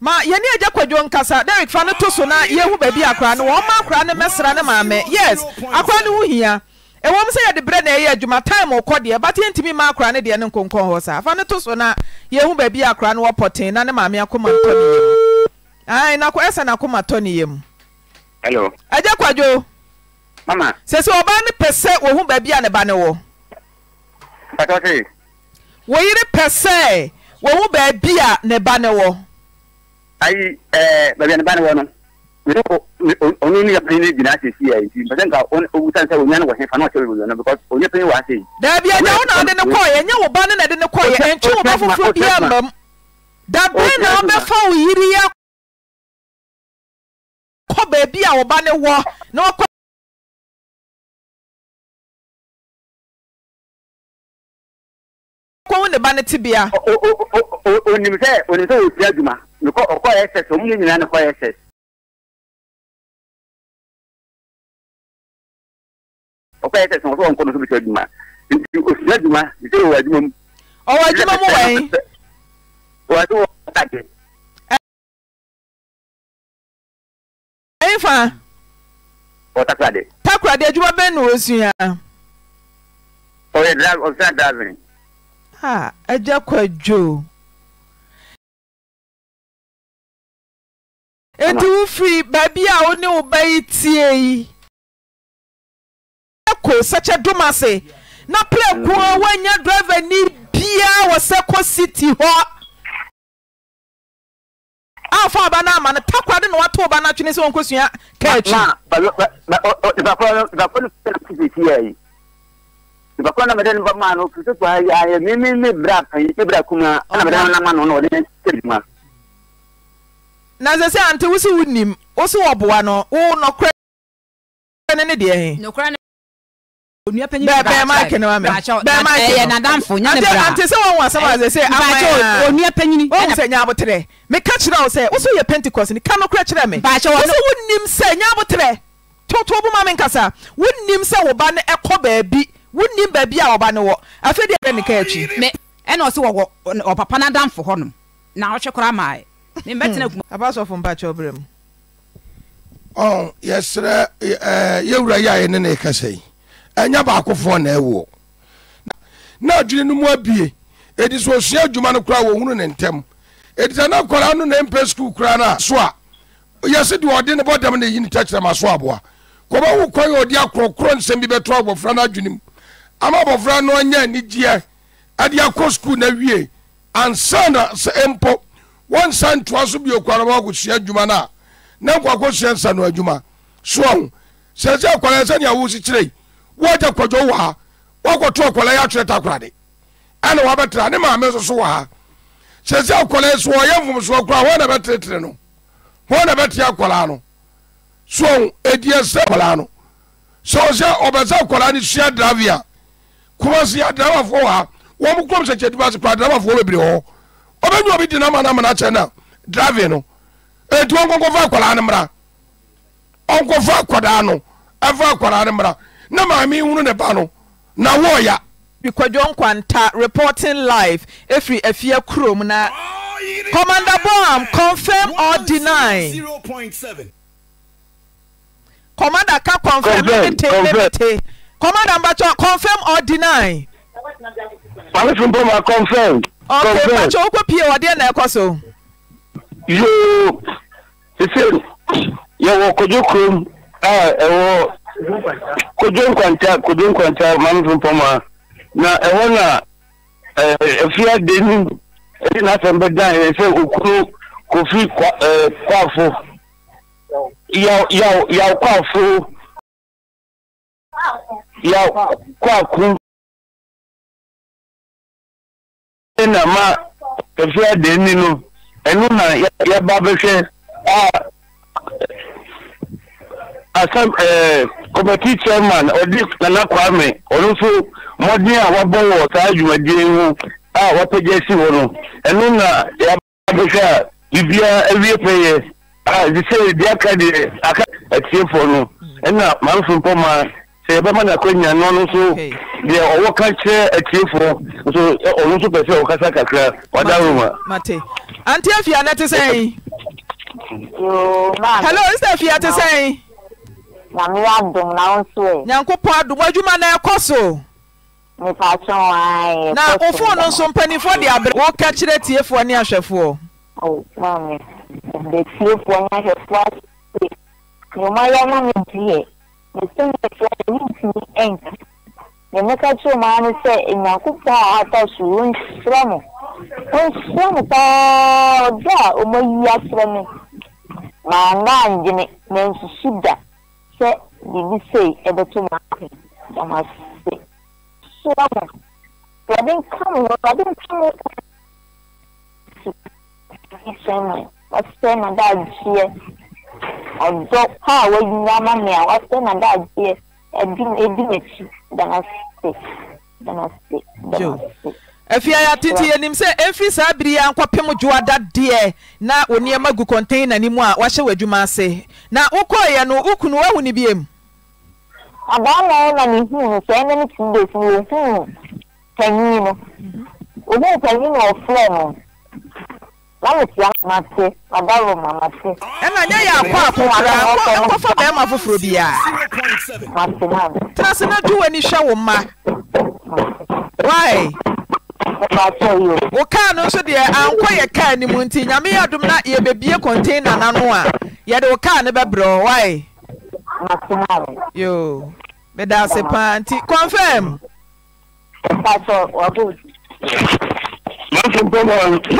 ma yɛne agya kadwo nkasa dawik fa no toso na yɛ ho baabi akoraa no wɔ ma akoraa no mɛsra ne maamɛ yes akora no ho hia ɛwɔm sɛ yɛde berɛ na ɛyɛ adwuma time ɔkɔ deɛ bate ntimi ma akora ne deɛ ne nkonkɔn hɔ saa afa ne to so na yɛhu baabi a akora ne wɔpɔten na ne maame akoma ntɔ ne yɛ mu ae nako ɛsɛ nakoma tɔ ne yɛ mu hello agya kwadwo mama sɛ sɛ ɔbaa ne pɛ sɛ wɔhu baabi a ne ba ne wɔ patɔte wo yere pɛ sɛ wɔhu baabi a ne ba ne wɔ ayi ɛɛ eh, baabi a ne mede kɔ ɔno ne yapani no gyina asɛsi a nti mpɛ sɛ nka ɔwusane sɛ ɔnya no wɔ hefa na ɔkyɛ wewuo no because ɔnya pani wɔ asɛi daabi agya wo na ɔde ne kɔɔ ɛnyɛ wo ba ne na ɛde ne kɔɔ ɛntwe wo ba foforɔ bi ama m da bɛn na ɔbɛfa wo yiri yɛ kɔ baabi a wo ba ne wɔ na ɔkɔ kɔn ne ba ne ti bia. onim sɛ onim sɛ osi adwuma nkɔ ɔkɔ ɛsɛs ɔmu nyinaa ne kɔ ɛsɛs ɔkɔyɛ sɛ sɛ ɔsɛ ɔnkɔ no so bɛsɛ adwuma nti osua adwuma nti ɔwɔ adwuma mu ɔwɔ adwuma mu wɛn ɔwɔ adwuma mu ɔkade ɛyin fa ɔwɔ takoradi takoradi adwuma bɛn na osua ɔyɛ drive ɔsua driving ha ɛgya kɔ adwo etu wofiri baabi a wo ne wo ba yi tie yi. ko sɛkyɛ do ma se na prɛ ko a woanya draiveni biaa wɔ sɛ kɔ siti hɔ afaa ba no ama no ta kora de na woatoo ba no atwene sɛ wɔnkɔsua kaati na sɛ sɛ ante wosi wo nim wo si wɔ boa no wo nnɔkorɛ no ne deɛ he mante sɛ ww sasɛsɛ nyaboterɛ meka kyerɛ wo sɛ wosɛ yɛ pentecoust no ka nokorɛ kyerɛ mewso wonim sɛ nyaboterɛ totow bo ma menka sa wonim sɛ wo ba ne ɛkɔ baabi wonim baabi a wɔba ne wɔ afedenkaaifparyɛsɛɛwɛ ɛnyɛ baakofoɔ na ɛwɔ na adwene no mu abie ɛdi sɛ ɔsua adwuma no koraa wɔhunu ne ntɛm ɛdi sɛ na kɔraa no na ɛmpɛ sukuu koraa no a so a yɛse deɛ ɔde ne bɔdam ne yi ne tɛkyerɛma so aboa kɔbɛwo kwan a ɔde akorɔkorɔ nsɛm bi bɛto abɔfra no adwene mu ama abɔfra no anya anigyeɛ ɛde akɔ sukuu na wie ansa na sɛ mpo wɔnsa ntoa so bio koraa no wɔakɔsua adwuma no a na nkɔakɔsua nsa no adwuma soa ho sɛ sɛ akwaraa sɛnea wo si kyerɛ yi wɔgya kwadwo wɔ ha wɔkɔto akwadaa yi atwerɛ takorade ɛna wɔabɛtena ne maame nso so wɔ ha sɛsɛ akwadaa yi so wɔyɛ mfomsoɔ koraa wɔn na bɛtenetene no wɔn na bɛte akwadaa no so ediɛ sɛ akwadaa no so sɛ ɔbɛsɛ akwadaa no sua dravia kumasi adramafoɔ wɔ ha wɔn mu kurom sɛkyɛ duba se koraa adramafoɔ na dravi no etu ɔnkɔnkɔfa akwadaa no mmra e ɔnkɔfa akwadaa no ɛfa akwadaa no na maame wono ne ba no na woɔyafi kwadwo nkwanta reporting life firi afia kurom na komanda boam confim deniɔmanda ka knfm ɔmanda comfirm denyf woɔ pie deɛ naɛkɔso kodwo nkwanta kodwo nkwanta maame fempɔm a na ɛhɔ na ɛfia eh, de ni ɛde n'asɛm bɛdan yɛ eh, sɛ okunu kofi kwa ɛɛ eh, kwaafo yaw yaw yaw kwaafo yaw kwaaku ɛna e ma ɛfia de ni no ɛnu na yɛba bɛhwɛ a asam ɛɛ eh, kɔmɛti chairman ɔdi nana kwame ɔno nso mɔden a wabɔ wɔ saa dwumadie ho a wapagya si hɔ no ɛno na yɛabɛhwɛ a biribiara awie pɛyɛ a ɛde sɛ di aka deɛ aka atiefoɔ no ɛna mamfo mpɔma sɛ yɛbɛma no akwanya no ɔno nso deɛ ɔwɔ ka kyerɛ atiefoɔ nso ɔno nso pɛ sɛ ɔkasa kakra wada roma mate ante afia na te sɛn hello sɛ afia te sɛn nyame adom na wo nso ɛ nyankopɔn adom adwuma na ɛkɔ so mepakyɛ na wo foo no nso mpanimfoɔ de abrɛ wɔka kyerɛ tiefoɔ ne ahwɛfoɔ betiefoɔ ne ahwɛfoɔ ase nneɛmayɛ no me deɛ mesɛmɛfoɔ mentumi anka ne meka kyerɛ maa no sɛ nyankopɔn ata so wɔnhyerɛ mo wɔnhyerɛ mo paa ɔdɔ a ɔmayi akyerɛ me maana andwene mansusu da sɛ biribi sei ɛbɛto mu ase dama se soa ho wɔde nka mo hɔ wɔde nka mo sɛn no wɔsɛn na da agyeɛ ɔdɔ ha a wɔanyina ama me a wɔsɛn na da agyeɛ ɛdi ɛdi m'akyi dama se dama se dama se. ya ayɛ atenti yɛnim sɛ ɛmfiri saa bere yia nkɔpem dwoadadeɛ na wo nneɛma gu kɔntainani mu a woahyɛ w'adwuma ase na wokɔɔeɛ no wo kunu ne biom abaama na mehuu sɛ ɛne no two days mehuu panyin no ohuu panyin na ɔfrɛ no na metia mate madaroma mate ɛna nyɛ yɛ akɔ akɔkora nkɔfa bɛrima foforɔ biaa mate na tena ase na tu w'ani hwɛ wo mma wo kaa no nso deɛ ankɔ yɛ kaa no mu nti nyame yɛ adom na yɛbɛbie container n'ano a yɛde wo kaa no bɛbrɛ wae yo meda ase paa nti confirm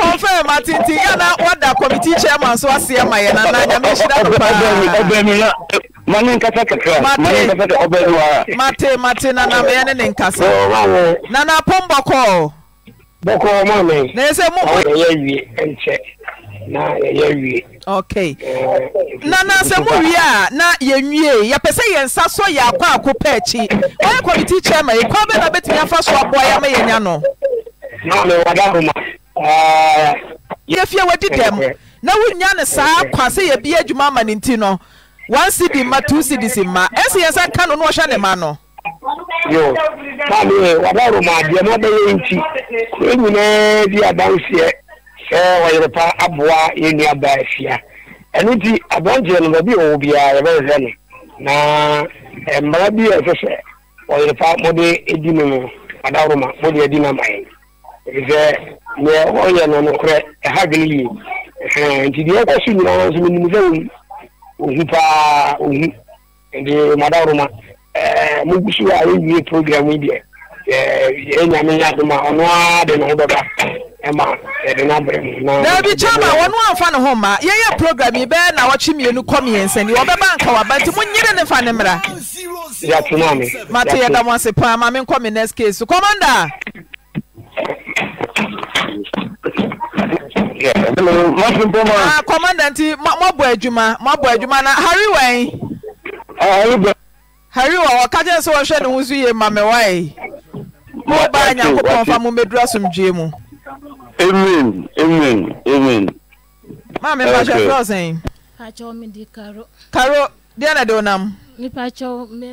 confirm atenti yana wada committee chairman so aseɛ ma yɛ nana nyame nhyira no paa mane nkasa kakra mane nkasa kakra mate mate nana mɛyɛ ne nkasa nana pɔmbɔkɔɔ bɔkɔ ɔmɔ mi na ɛsɛ mo ɔwɔ yɛyɛ wie ɛnkyɛ na yɛyɛ wie. ok eh, na na sɛ mo wie a na yɛnwie yɛpɛ sɛ yɛn nsa so yɛ akɔ akɔ pɛ akyi kɔmiti chairman yɛ kwan bɛn na bɛtumi afa so aboa yɛ ama yɛn nya no. maame wada homa. yɛ fie wadi dɛm eh, eh, na wonya ne saa kwa sɛ yɛbi adwuma ama ne nti no one cd ma two cds ma ɛsɛ yɛn nsa ka no na ɔhwɛ ne ma no. yo maame wabɔɔro maadeɛ ma ɔbɛyɛ nti kuro nyinaa di adanseɛ sɛ wɔyere pa aboa yɛn nuaba afia ɛno nti abɔnteɛ no baabi a ɔwɔ biara yɛbɛhwɛ no na bi a ɛsɛ pa mɔde no no wadaworo ma mɔde adi nti nyinaa nso paa ma mu gusu a program yi deɛ yɛnyame yɛ adom a ɔno ara de ɛma mu ne ho mma yɛyɛ program yi bɛɛ na wɔtwe mmienu kɔ mmiɛnsa ni wɔbɛba nka waba nti monyere ne fa ne mmra yɛatena me mate yɛda mo ase paa ma menkɔ next case adwuma adwuma na wɛn hariwa wɔka sɛ wɔhwɛ ne ho so yie ma me wae mobaa nyankopɔn fa mo mɛduru asomdwee mu amen amen amen ma me mpa kyɛ ọzọ karo deɛ na de wo nam mepakyɛw na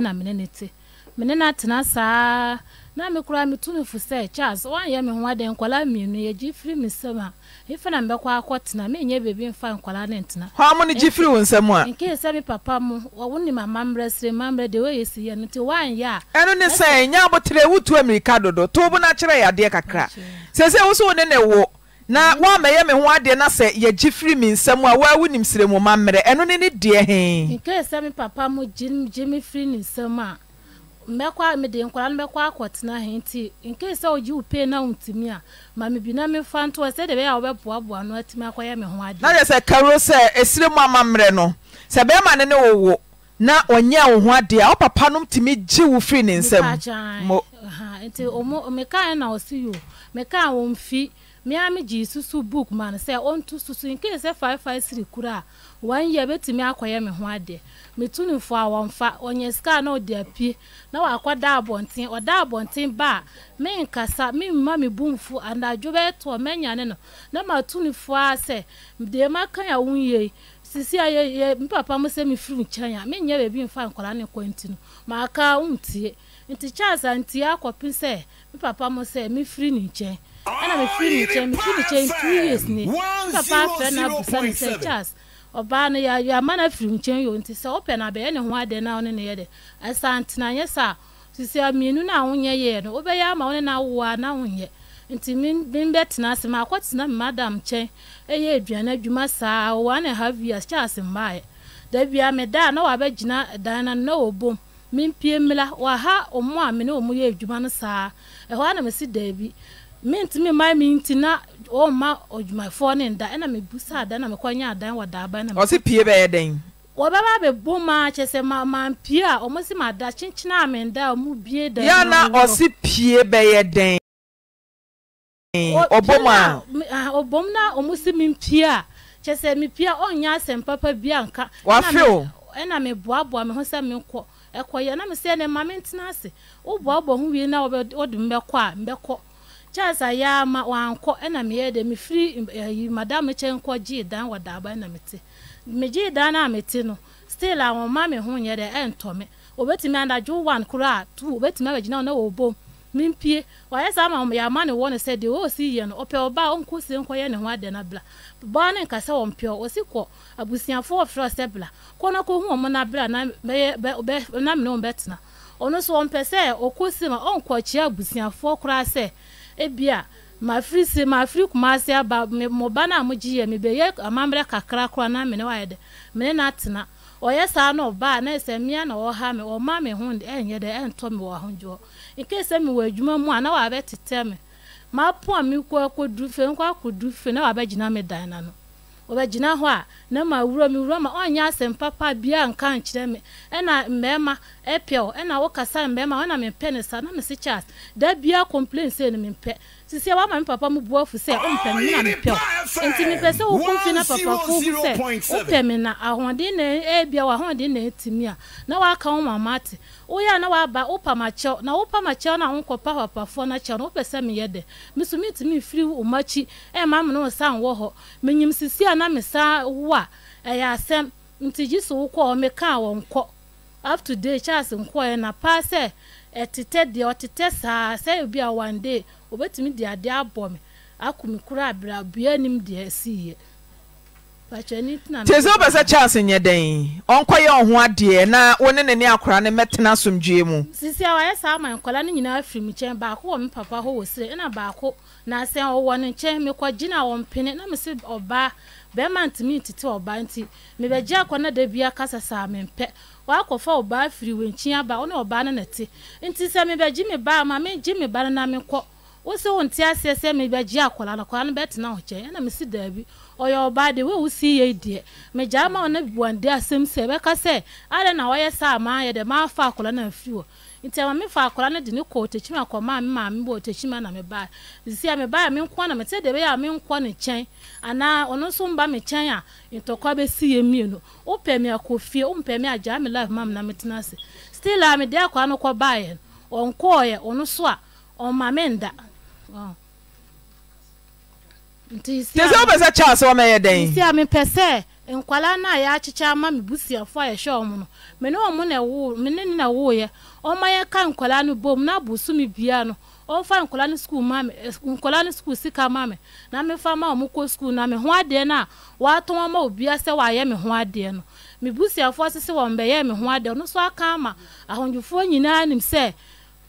na mene ne te mene tena na metu fo sɛ nkwala mmienu yɛgye firi me sɛm a ifena mbɛkɔ akɔ tena menyɛ beebi mfa nkwalaa ne ntena hɔ amo ne gye firi wo nsɛm a nke sɛ me papa mu wo ne mama mmerɛ sere ma mmerɛ de woyɛ si yɛ no nti woanyɛ a ɛno ne sɛ ɛnyɛ abotere wotu amirika e dodo to bo no akyerɛ yɛ adeɛ kakra sɛ sɛ wo so wo ne ne wo na mm-hmm. woamɛyɛ me ho adeɛ na sɛ yɛgye firi me nsɛm a woa wonim sere mu ma mmerɛ ɛno ne ne deɛ hee nke sɛ me papa mu gye me firi ne nsɛm a mbɛkɔ a mede nkwadaa no bɛkɔ akɔtena he nti nkei sɛ ogye wo pei na wontumi a ma mebi na memfa nto ɔ sɛdeɛ bɛyɛ a wobɛboaboa no atumi akɔyɛ me ho ade na kyɛ sɛ karo sɛ ɛsire mu amammerɛ no sɛ bɛrima ne ne wowo na ɔnyɛ wo ho adeɛ a wo papa nom tumi gye wo firi ne nsɛm mo nti ɔmo mekaa na ɔsi yo mekaa wɔn fi mmea me gye susu book ma no sɛ ɔnto susu nkei sɛ faefae siri kura a one year bɛtumi akɔyɛ me ho adeɛ metunifo a wɔmfa ɔnyɛ sika na ɔde apie na wakɔ da abɔnten ɔda abɔnten ba a menkasa memma me bumfu anadwo bɛɛtɔ mɛnyane no na matunifo a sɛ deɛ maka a wo yie sisi a yɛ yɛ me papa mo sɛ mefiri nkyɛn a menyɛ baabi mfa nkɔla ne kɔ nti no maaka wontie nti charles antie akɔpe sɛ me papa mo sɛ mefiri ne nkyɛn ɛna mefiri ne nkyɛn mefiri ne nkyɛn two years ne papa afrɛ no abusa ne sɛ charles ɔbaa no yɛayɛ ama no afiri nkyɛn yɛ nti sɛ wopɛ no abɛyɛ ne ho adɛn na wo ne neyɛ dɛ ɛsa ntenayɛ saa sisi mmienu no a wonyɛ yɛɛ no wobɛyɛ ama wo ne no awoa na wonyɛ nti membɛtena ase maakɔtena me madam nkyɛn ɛyɛ aduane adwuma saa one and half years kyɛ ase mmaeɛ da bia meda a na wabɛgyina dan no na wɔbom mempie mmla wɔaha ɔmo a me ne ɔmo yɛ adwuma no saa ɛhɔ a na mesi daabi mentumi ma me nti na o oh, ma odwumafoɔ ne nda ɛna mebusa adan na mekɔnya ada wɔ daaba na ɔse pie bɛyɛ dɛn wɔbɛba bɛbo ma kyɛ sɛ mampie a ɔmo se mada kyenkyena a menda a ɔmo bie da yɛna ɔsi pie bɛyɛ dɛn ɔbɔ mu a ɔbɔ mu na ɔmo se mempie a kyɛ sɛ mepie a ɔnyɛ asɛm papa bi anka wafew ɛna meboaboa me ho sɛ menkɔ ɛkɔyɛ e, na mesɛ ne ma mentena ase woboaboa oh, ho wie na wɔde mbɛkɔ a mbɛkɔ charles ya ama wankɔ ɛna de dɛ firi ayi eh, madam kyɛn kɔ ji dan wɔ daaba ɛna dan no still a me ho nyɛ dɛ anadwo one two na wɔbom mempie wayɛ saa ma yɛama ne wɔ no sɛ deɛ wɔɔsi yɛ no ɔpɛ ɔba a ɔnkɔ sie nkɔyɛ ne ho adɛ bla baa ne ɔsi kɔ ɔfrɛ kɔ na ɔmo na sɛ ɔkɔ ebia mafiri se mafiri kumase aba mo ba na mo gyi yɛ me bɛyɛ amammerɛ kakra koraa na mene wayɛ dɛ mene na atena ɔyɛ saa na ɔbaa na ɛsɛ mmea na ɔha me ɔma me ho ɛnyɛ dɛ ɛntɔ me wɔ ahodwoɔ nke sɛ me wɔ adwuma mu a na wabɛtetɛ me mapo a mekɔ akɔdu fe nkɔ akɔdu fe na wabɛgyina me dan na no wɔbɛgyina hɔ a ne ma wura mi wura ma ɔnyɛ asɛm papa bia nka nkyerɛ mi ɛna mmarima ɛpɛw ɛna wɔkasa mmarima ɛna mi mpɛ ne sa na mi si kyas da bia complain sɛ ɛna mi mpɛ sisi sɛ woama papa mu boafu sɛ wompɛ na mepɛ wo nti mepɛ sɛ wokɔfi na papafo hu sɛ wopɛ me na ahoɔden na ɛbia wɔ ahoɔden na ɛtumi a na woaka mama a na woaba wopa makyɛw na wopa makyɛw na na wopɛ sɛ meyɛ dɛ hɔ sisi a na mesa wo a ɛyɛ asɛm nti so na paa ɛtetɛ deɛ ɔtetɛ saa sɛ obi a one day obetumi de adeɛ abɔ me akɔ me kura abira bia anim deɛ esi yɛ pakyɛni tena. tie sɛ wopɛ sɛ charles nyɛ dɛn ɔnkɔyɛ ɔho adeɛ na wo ne ne akora ne mɛtena asomdwee mu. sisi a wɔyɛ saa ama nkɔla no nyinaa firi mi baako wɔ me papa hɔ wɔ sire ɛna baako na asɛn ɔwɔ ne nkyɛn mekɔ gyina wɔn na me ɔbaa. bɛrima ntumi ntete ɔbaa nti mebɛgye akɔna da bi akasa saa mempɛ wakɔfa ɔbaa firi wɛnkyi aba ɔne ɔbaa no nɛte nti sɛ mebɛgye me baa ma megye me ba no na mekɔ wosɛ wo nte aseɛ sɛ mebɛgye akɔla no kɔla no bɛtena wo kyɛn ɛna mesi daabi ɔyɛ ɔbaa de wowu si yɛ deɛ megyaa ma wo ne buande asɛm sɛ ɛbɛka sɛ adɛn na wɔyɛ saa maayɛ dɛ maafa akɔla no afiri wɔ nti ama mefa akwadaa no de ne kɔ otekyim akɔma a me maame bɔ otekyim na mi ba, sisi a me baa a me nko na me te de bɛyɛ a me nko ne kyɛn anaa ɔno nso mba me kyɛn a ntɔkwa bɛsi yɛ mmienu wopɛ me akɔ fie wompɛ me agyaa me life mam na metena ase still a me de akwadaa no kɔ baa yɛ no ɔnkɔɔyɛ ɔno so a ɔma me nda nti sisi a te sɛ sɛ nkwalaa na a yɛakyekyɛ ama me busuafoɔ a yɛhwɛ ɔmo no me ne ɔmo na ɛwoo me ne na ɛwooyɛ ɔma yɛka nkwalaa no bom na abosom biara no ɔmfa nkwalaa no sukuu ma me eh, nkwalaa no sukuu sika ma me na mefa ma ɔmo kɔ sukuu na me ho adeɛ no a wɔatɔn ama obia sɛ wɔayɛ me ho adeɛ no me busuafoɔ sisi wɔn bɛyɛ me ho adeɛ ɔno nso aka ama ahondwofoɔ nyinaa nim sɛ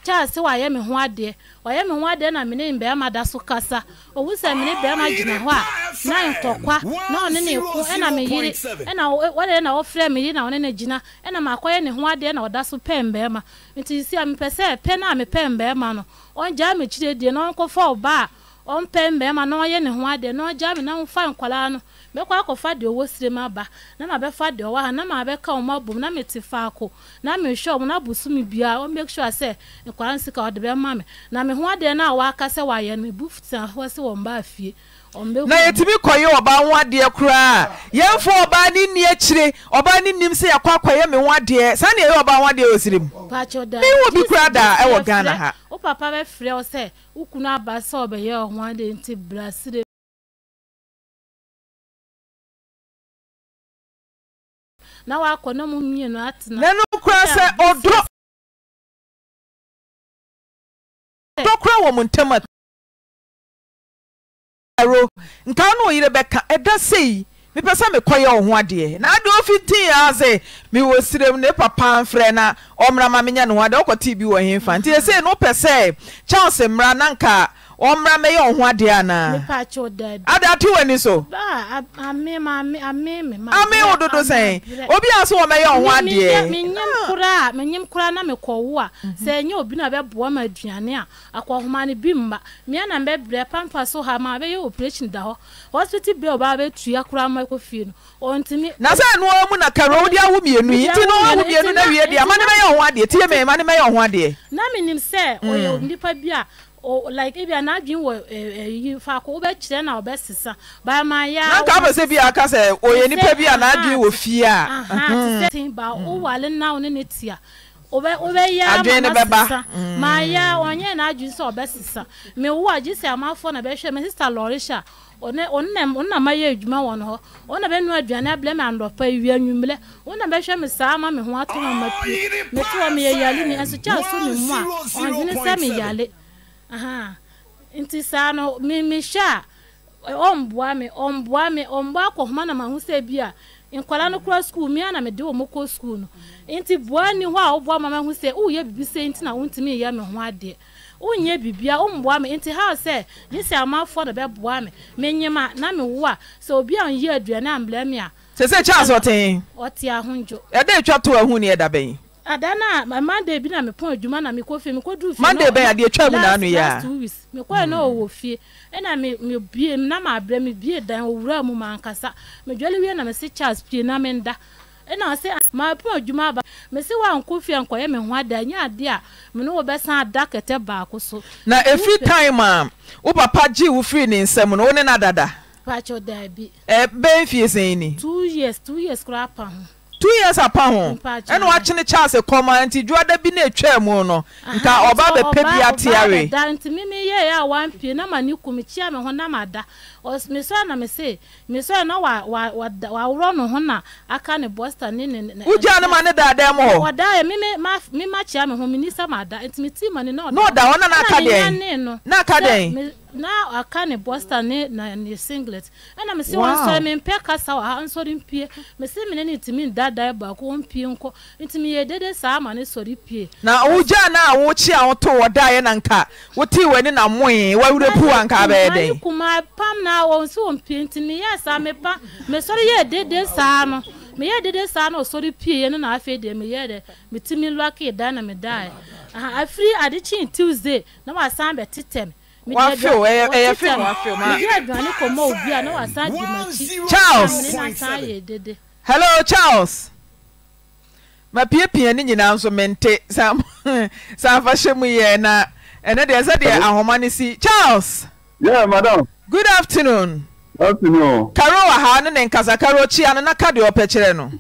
kyɛ sɛ wayɛ me ho adeɛ wayɛ me ho adeɛ na mene bɛrima da so kasa owu sɛ mene bɛrima gyina hɔ a na ntɔkwa na ɔne ne ko ɛna me yere ɛna wɔde na wɔfrɛ me yere na ɔne ne gyina ɛna makɔyɛ ne ho adeɛ na ɔda so pɛn bɛrima nti si a mepɛ sɛ pɛ na mepɛn bɛrima no ɔngyaa me kyire die na ɔnkɔfa ɔbaa a ɔmpɛn bɛrima na ɔyɛ ne ho adeɛ na ɔgyaa me na ɔmfa nkwaraa no bɛkɔ akɔfa deɛ ɔwɔ serem baa na mabɛfa deɛ ɔwɔ ha na mabɛka ɔmo abom na mete faako na mehwɛ ɔmo na nabụ biara o make sure sɛ nkwadaa ka ɔde bɛma me na me ho adeɛ no a sɛ wayɛ no ebu tena hɔ sɛ wɔn ba na yɛtumi kɔyɛ ɔbaa ho adeɛ koraa ɔbaa ne nni ne sɛ yɛkɔ ne ho adeɛ mewɔ bi daa ɛwɔ ghana ha na wakɔ na mu mmienu atena. n'enu kura sɛ ɔdɔ ɔdɔ kura wɔn a. nka na oyere bɛka ɛda sɛ adeɛ na ade ofitii a sɛ mewɔ sirem ne papa mfrɛ na ɔmmra ma menya ne ho adeɛ wokɔtee bi wɔ hemfa nti ɛsei no sɛ me ɔmmra mɛyɛ ɔho adeɛ anaadaate w'ani so ba ame ma ma ame ame ame me o dodo sen obi a so kura ɔho adeɛ kura na me mekɔwo a mhm. se ɛnyɛ obi na be bɛboa ma aduane a akɔhoma no bi mma mea na mbɛbrɛ pampa so ha ma be bɛyɛ operation da hɔ hospital bia ɔbaa bɛtua kura ma ɛkɔ fie no ɔntumi na se ɛno ara mu na karo wode awo mmienu yi ti no ɔwo mmienu na wie deɛ ma ne bɛyɛ ɔho adeɛ tie me ma ne bɛyɛ ɔho adeɛ na menim sɛ ɔyɛ mm. nnipa bi a o like ebi eh, eh, a n'adwin wɔ ɛyi faako wobɛkyerɛ na ɔbɛsesa bama ya. na nka afɔ sɛ bi aka sɛ oyɛ nipa bi a n'adwin wɔ fie a. ten ba o wale na o ne ne tia obɛ obɛ ya mama sisa maa mm. ya ɔnyɛ n'adwin sɛ ɔbɛsesa mɛ wo agye sɛ amafo na bɛhwɛ mɛ sista lɔrisha ɔne ɔnam ɔnam ayɛ adwuma wɔ no hɔ ɔna bɛ nua aduane abɛlɛ mɛ andɔpɔ ewia nwumlɛ ɔna bɛ hwɛ mi saa ama mi ho ato ma ma pie mɛ ti wɔ mi yɛ yale ni ɛso kyɛ aso mi mu a ɔndwene sɛ mi yale. nti saa no mehwɛ a ɔmboa me ɔmboa me ɔmboa akɔ homa na maho sɛ bi a nkwadaa no kora sukuu mia na mede wɔn kɔ sukuu no nti boa ni hɔ a ɔboa ma maho sɛ woyɛ biribi sɛ nti na wontumi yɛ me ho adeɛ wonyɛ biribia womboa me nti haw sɛ gye sɛ amafoɔ na bɛboa me menyema na mewo a sɛ obi a nyɛ aduane ambrɛ me a sɛ sɛ kyɛ asɔten ɔte aho ndwo ɛdɛ twa to ahu ne ɛda bɛyi ada na monday bi na mepɔn adwuma na mekɔ fie mekɔ duru fie monday bɛyɛ adeɛ twa mu naanu yɛ a last two weeks mekɔɛ na hmm. ɔwɔ fie ɛna me me bie na ma abrɛ me bie dan owura mu ma nkasa medwale wie na mese charles pie na me nda ɛna ɔsɛ ah, ma pɔn adwuma aba mese wa nkɔ fie nkɔyɛ me ho ada nye adeɛ a me ne wo bɛsan ada kɛtɛ baako so. na efi time a wo papa gye wo firi ne nsam no wo ne na dada. pàtó dàbí. ẹ bẹ́ẹ̀ fie sẹ́yìn ni. two years two years kura pa ho two years apa ho ɛna wakyene charles kɔma nti dwoada bi na ɛtwaa mu no nka ɔba bɛpɛ bi ateare da nti meme yɛɛ a wampie na ma ne ku mekyia me ho na mada mesɔre na mese mesɔre na waworɔ no ho na aka ne bɔsta ne ne wogyaa ne ma ne daadaa mu hɔ wɔdaɛ memakyia me ho menisa mada nti metii ma ne na ɔda hɔ na na aka dɛn na aka dɛn Now na aka ne bosta ne na ne singlet ɛna mesi wow. wɔn nsɔre mi mpɛ kasa wɔ ha nsɔre mpie mesi mi ne ne ntumi ndadae baako wɔn mpie nkɔ ntumi yɛ dede saa ama ne sɔre pie. na wogya oh, na wokyi a wotɔ wɔ da yɛ na nka wotii wɔ ani na moe wawura pu wa nka abɛyɛ dɛ. ayi kuma pam na wɔn si wɔn pie nti mi yɛ saa mi pa mi sɔre yɛ dede saa no mi yɛ dede saa eh, eh, na ɔsɔre pie yɛ no na afei deɛ mi yɛ dɛ mi ti mi lɔki da na mi da yɛ afiri adi kyin tuesday na wa san bɛ titɛm. chello charles mapia piane nyinaa nso mente s saa fa hyɛ mu yɛ na ɛnɛ deɛ ɛsɛ deɛ ahoma ne si charlesymadam good afternoon karoahaa ne ne nkasakaro kyea no na kadeɛ ɔpɛkyerɛ no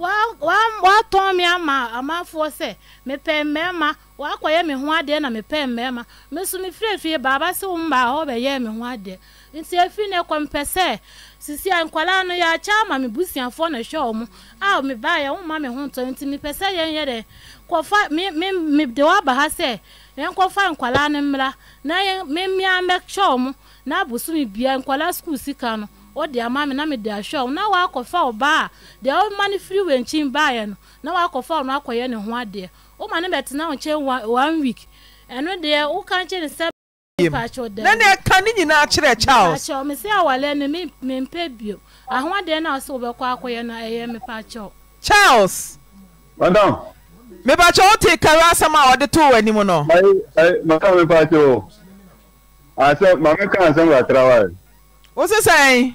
watɔn me ama amanfoɔ sɛ mepɛ mmarima wakɔyɛ me ho adeɛ na mepɛ mmarima meso mefiri fie baaba se wo mbaa hɔ bɛyɛ me ho adeɛ nti efi ne kɔ mpɛ sɛ sisi a nkwadaa no yɛakyɛ ama me busuafoɔ na ɛhwɛ wɔn a me baa yɛn ma me ho ntɔ nti mepɛ sɛ yɛn yɛ dɛ kɔfa me me me de waba ha sɛ yɛn kɔfa nkwadaa no mmra na yɛn me mmea mbɛhwɛ wɔn na abosom bia nkwadaa sukuu sika no wɔde ama mi na mi de ahwɛ ɔmo na wakɔfa ɔbaa deɛ ɔma ne firi wɔ nkyin baeɛ no na wakɔfa ɔno akɔyɛ ne ho adeɛ ɔma ne bɛtena nkyɛn one week ɛno deɛ woka nkyɛn ne sɛ yim na ɛka ne nyinaa kyerɛ charles mpakyɛw mesi awale no mi mpɛ bio ahoɔden na ɔsɛ wɔbɛkɔ akɔyɛ no ɛyɛ mipakyɛw. charles. madam. mipakyɛw wote kari asɛm a ɔde too anim no. mayi ayi maka mipakyɛw asɛm maame ka asɛm wɔ atarawa. wosi sɛn.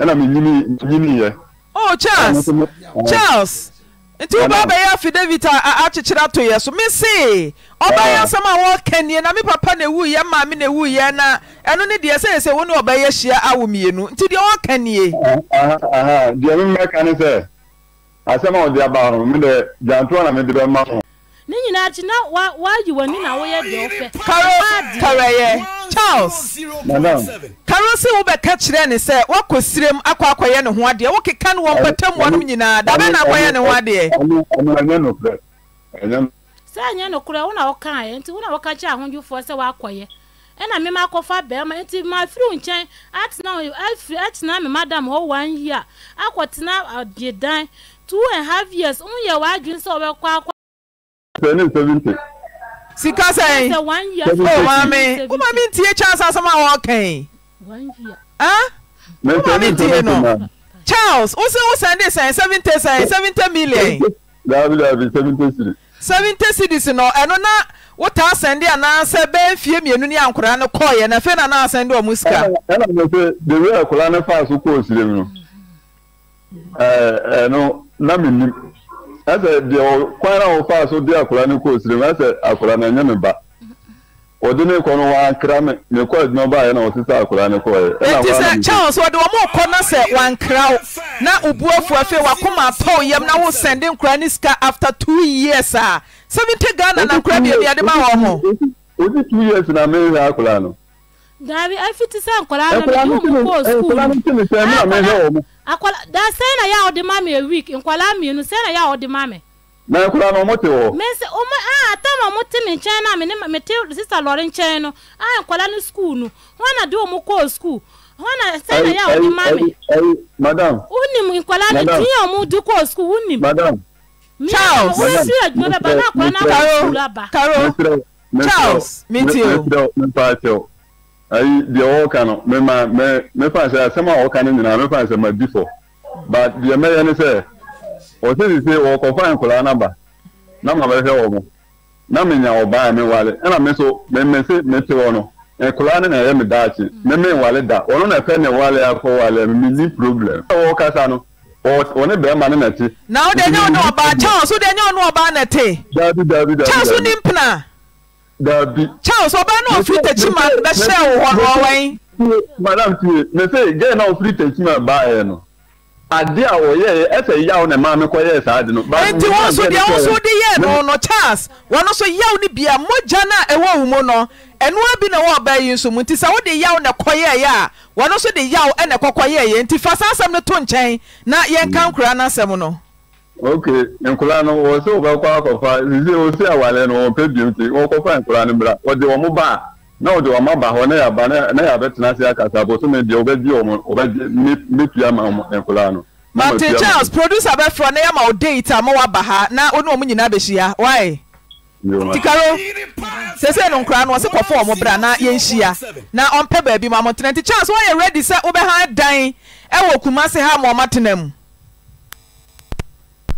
ɛna menyini menyini yɛ oh charles charles nti wobɛ bɛyɛ afidavit a akyekyere ato yɛ so mese ɔbɛyɛ nsɛm a wɔkɛneɛ na mi papa na ɛwuyɛ maa me na ɛwuyɛ na ɛno ne deɛ sɛ sɛ wo ne ɔbɛyɛ hyia awo mmienu nti deɛ wɔkɛneɛ deɛ mi ne sɛ asɛm a wɔde aba no medɛ gyantoa na mede bɛma no ne nyinaa kyi na waayi w'ani na woyɛ deɛ wofɛ karɛ yɛ charles karosi wo bɛka kyerɛ ne sɛ woakɔ sirem akɔ akɔyɛ ne ho adeɛ wokeka wɔ nyinaa na akɔyɛ ne ho adeɛ sɛ nyɛ nokorɛ wo na nti wo na woka kyerɛ ahodwofoɔ sɛ woakɔyɛ ɛna mema akɔfa bɛrima nti mafiri wo nkyɛn atena me madam hɔ one a akɔtena adiedan uh, two and half years woyɛ w'adwene sɛ wobɛkɔ akɔ sika sɛn o maame o maame ntie charles asɛm a wɔkɛn o maame ntie no charles o sɛ o sɛn de sɛn seventy sɛn eh, seventy million. daabi daabi seventy cedis. seventy cedis no ɛno na wotaa sɛn de anaasɛ bɛn fie mmienu ne ankora no kɔɔyɛ eh, eh, na afei na naa sɛn de ɔmo sika. ɛna mo sɛ de wei akora ne faa so kɔɔ sire mu no ɛɛ ɛno na mi nim. ese deɛ kwan a wɔfa so de akwadaa no kɔ osiri mu ese akwadaa no ɛnyɛ ne ba wɔde ne kɔ no wankra me ne kɔ adwuma baayɛ na wɔte sɛ akwadaa no kɔɛ. eti sɛ charles wɔde wɔn kɔ na sɛ wankra o na obuafo afei wakoma atɔ yam na wo sɛnde nkwadaa ne sika after two years a ah. seventy ghana na nkwadaa deɛ deɛ ma wɔn ho. two years na mehwɛ akwadaa no. tsaɛyaɔdmam aweek ɔdmammtmɛsit lɔr kɛnns ks ayi deɛ ɔɔka no mema mɛ mɛfa sɛ asɛm a ɔɔka no nyinaa ma bi fɔ but deɛ mɛyɛ ne sɛ naba na ma bɛhwɛ wɔn na menya ɔbaa mi wale ɛna mi so mɛmɛsi mɛte wɔ no nkɔlaa no na ɛyɛ daakye wale da na fɛ ne wale akɔ wale mi ni problem ɛna no ɔne bɛrima ne na ti. na o de nye ɔbaa na ni mpina. dabi. charles ọba náà ofiri tẹkí ma bẹsẹ wọ ọwẹn. madam tiye mese gẹ́ẹ̀ náà ofiri tẹkí ma bá ẹ nù ade a wɔyɛ ɛsɛ yaw na maame kɔ yɛ saa de no. eti wọn nso deɛ wọn nso de yɛ no no charles wọn nso yaw ni bia mogya na ɛwɔ wɔn mu no ɛnua bi na wɔn ɔbaa yi nso mu nti sɛ wɔde yaw na kɔ yɛ yɛ a wɔn nso de yaw ɛna kɔkɔ yɛ yɛ nti fa saa asɛm no to nkyɛn na yɛn mm. ka nkura n'asɛm no. ok nkwụla anụ ọsị ụbakwa akọfa zizi osi awale na ọmpe bi nti ọkọfa nkwụla anụ mra ọ dị ọmụ baa na ọ dị ọma baa na ya ba na ya tena ase akasa bụ na di ya ma Charles producer o de ha na o ni Tikaro sese nkura kɔfɔ bra na yɛn hyia na ɔmpɛ baabi ma nti Charles wɔyɛ redi sɛ ha ma ɔma tena mu.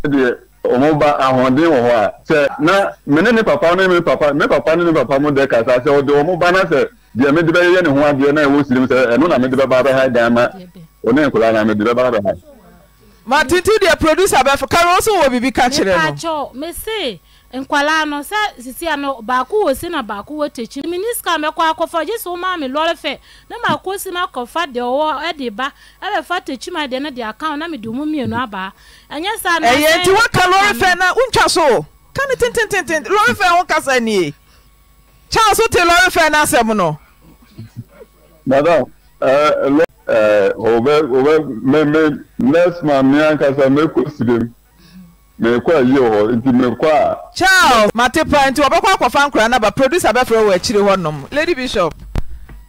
deɛ wɔn ba ahoɔden wɔ hɔ a sɛ na me ne ne papa ne me papa me papa ne ne papa mu de kasa sɛ ɔde wɔn ba na sɛ deɛ me de bɛyɛ ne ho adeɛ na ɛwɔ sirim sɛ ɛno na me de bɛba abɛha dan ma ɔne nkɔla na me de bɛba abɛha. ma titi deɛ producer bɛfɛ karo nso wɔ biribi ka kyerɛ no. nkwalaa no sɛ sisia no baako wɔ si na baako wɔ takyi miniska mɛkɔ akɔfa gye sɛ womaa me lɔre fɛ na maako si no akɔfa deɛ ɔwɔ ɛde ba ɛbɛfa takyi ma deɛ no de akaw na mede mu mmienu abaa ɛnyɛ saa na ɛyɛ nti woka lɔre fɛ na wontwa so ka ne tentententen lɔre fɛ ho kasa nie kyɛw so te lɔre fɛ no asɛm no madam ɔbɛ ɔbɛ mɛ ma next man me ankasa mɛkɔ sirem mɛkɔ ayi hɔ nti mɛkɔ a. charles matepa nti wɔbɛkɔ akɔfa nkura naba producer bɛfrɛ wɔ akyiri hɔ nom lady bishop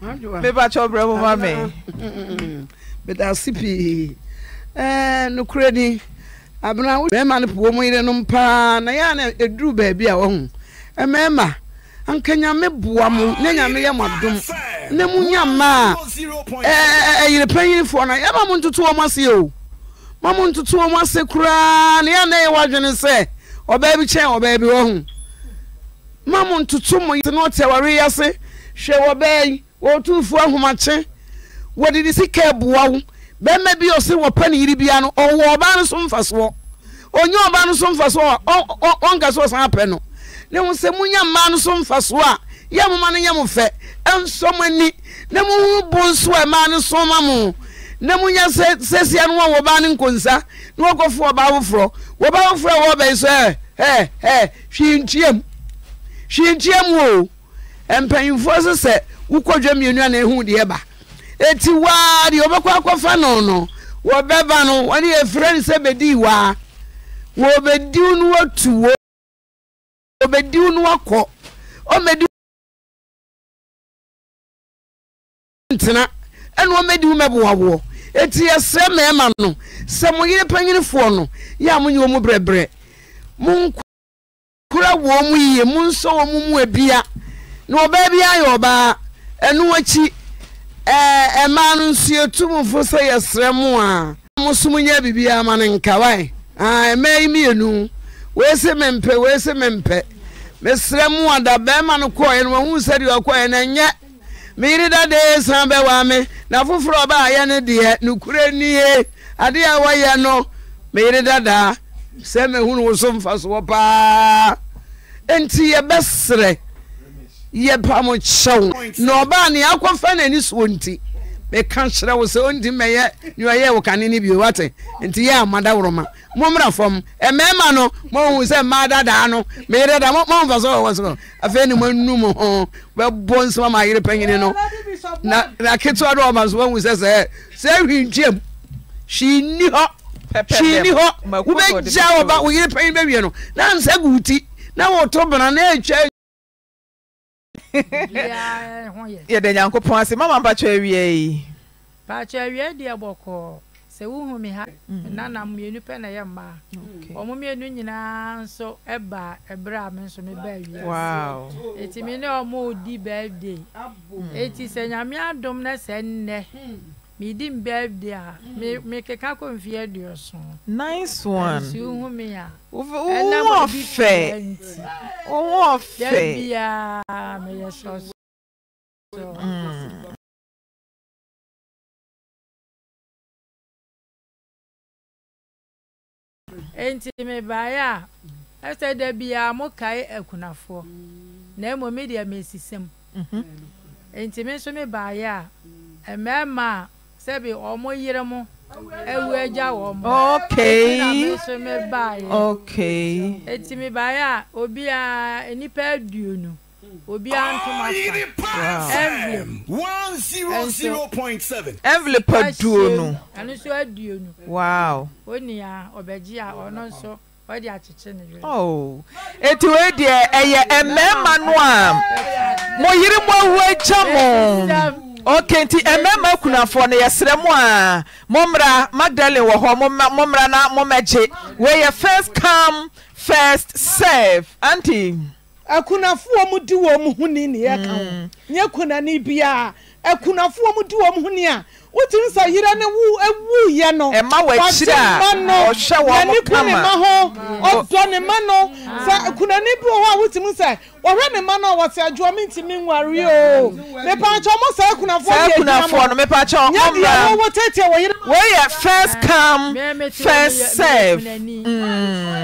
mebakyɛ brɛ mu ma me. medase pii ɛɛ eh, nukure ni abena mɛma no puo mu yerenom paa na yɛ ana eduru baabi a wɔn eh, mɛma anka nyame boa mu ne nyame yɛ mo adum ne mu nyama ɛɛ ɛyere eh, panyinfoɔ na yɛma mo ntutu wɔn ase o ma mo ntutu wɔn ase koraa na yɛn nan yɛ wadwene sɛ ɔbaa bi kyɛn ɔbaa bi wɔ ho ma mo ntutu mo yi na ɔte awari yi ase hwɛ ɔbaa yi wɔtumfu ahomakye wɔde ne sika ɛboa wo bɛrima bi ɔsi wɔpɛ ne yiri bia no ɔwɔ ɔbaa no so mfasoɔ onye ɔbaa no so mfasoɔ a ɔnka so ɔsan apɛ no ne ho sɛ munya mmaa no so mfasoɔ a yɛ mo ma no yɛ mo fɛ ɛnsɔ mo ani ne mo ho bo nso a mmaa no so ma mo na mu nya sesia no wɔn ɔbaa ne nkonsa na wɔkɔfo ɔbaa foforɔ ɔbaa foforɔ a wɔbɛn eh, eh, eh, sɛ ɛ ɛ hwii ntuam hwii ntuam o mpanyinfoɔ so sɛ wokɔ dwa mmienu a na ehu deɛ ba eti waa deɛ ɔbɛkɔ akɔfa no no wɔbɛba no wɔne efirɛ ne sɛ bedi waa wɔbɛdiw no watu wɔ wɔbɛdiw no wakɔ ɔmɛdiw ntena ɛna wɔn mɛdi wɔn mɛboa woɔ eti ɛsrɛ mɛɛma no sɛ mo yere panyinfoɔ no yɛ a mo nyɛ wɔn brɛbrɛ mo nkura wɔn mu yie mo nsɔ wɔn mu ebia na ɔbaa bi ayɛ ɔbaa ɛnu akyi ɛɛ ɛmaa no nso etumfo sɛ yɛsrɛ mo a mo so mo nyɛ bibi ama ne nkawae aa ɛmɛ yi mmienu wɔyɛsɛ mɛmpɛ wɔyɛsɛ mɛmpɛ mɛsrɛ mo a da bɛɛma no kɔɔ yɛ no wɔn ho sɛ deɛ ɔkɔɔ yɛ na nyɛ meyere dade san bɛwa me na foforɔ ɔba ayɛ ne deɛ nokura nie adeɛ a wɔyɛ no meyere dadaa sɛ mehunu wo so mfasoɔ paa enti yɛbɛserɛ yɛpa mo kyɛw na ɔbaa ne akɔfa n'ani soɔ nti meka kyerɛ wo sɛ ɔnti mɛyɛ nyɛyɛ wo kane no bio wate nti yɛ amada woroma mommra fam ɛmɛɛma no mohu sɛ mmaa dadaa no meyere da momfa sɛ wɔwɔ soro afei ne moanum ho bɛbɔ nsɛm ma yere panyini no na ketewa de ɔma so wahu sɛ sɛ sɛ hwintwiam hwinni hɔ hwinni hɔ wobɛgya wɔba wo yere panyin bɛwie no na nsɛ gu ti na wɔto bena na ɛtwa yɛde nyankopɔn ase mama mpakyɛ awia yi pakyɛ awia deɛ bɔkɔɔ sɛ wohu me ha nana mhm. mmienu pɛ na yɛ mmaa ɔmo mmienu nyinaa nso ba ɛberɛ a me nso meba awia ɛti me ne ɔmo di birthday ɛti sɛ nyame adom na sɛ nnɛ hmm. medi m birthday a mekeka kɔ mfe aduɔson nice one nti wohu me a ɛnam obi twɛ nti wohu ɔfɛ da biaa meyɛ sɔsɔ nti mebaeɛ a ɛsɛ da biaa mokae akunafoɔ na mmom me deɛ mesisɛm nti me nso mebaeɛ a mmarima a sɛbi ɔmo yere mo ewu egya wɔ mo. okay ɛna mi mi baa yɛ. okay eti mi baa yɛ a obiara nipa aduonu obiara one zero zero point seven. envelope aduonu ɛno nso aduonu. wow. onia ɔbɛgye a ɔno nso. Wow. nti wei deɛ ɛyɛ marima no a mo yere mo ahuagya mo ok nti marma akunafoɔ no yɛserɛ mu a mommra magdalen wɔ hɔ mommra na momɛgye weyɛ first come first serve anti foɔ md wnɛɛa ɛkunafoɔ mu di wɔn ho ni a nsa yire ne wu ewu yɛ no ɛma wɔ akyire a ɔhwɛ wɔn kama n'ani ku ne ma ho ɔdɔ ne ma no sɛ kunani bi wɔ hɔ a wotiri nsa wɔhwɛ ne ma no wɔsi adwoɔ mi ti mi nwari o mepaakyɛ ɔmo sɛ ɛkunafoɔ yɛ ɛkunafoɔ no mepaakyɛ ɔmo nyɛ deɛ wɔwɔ tete wɔ yire. wɔyɛ first come first serve.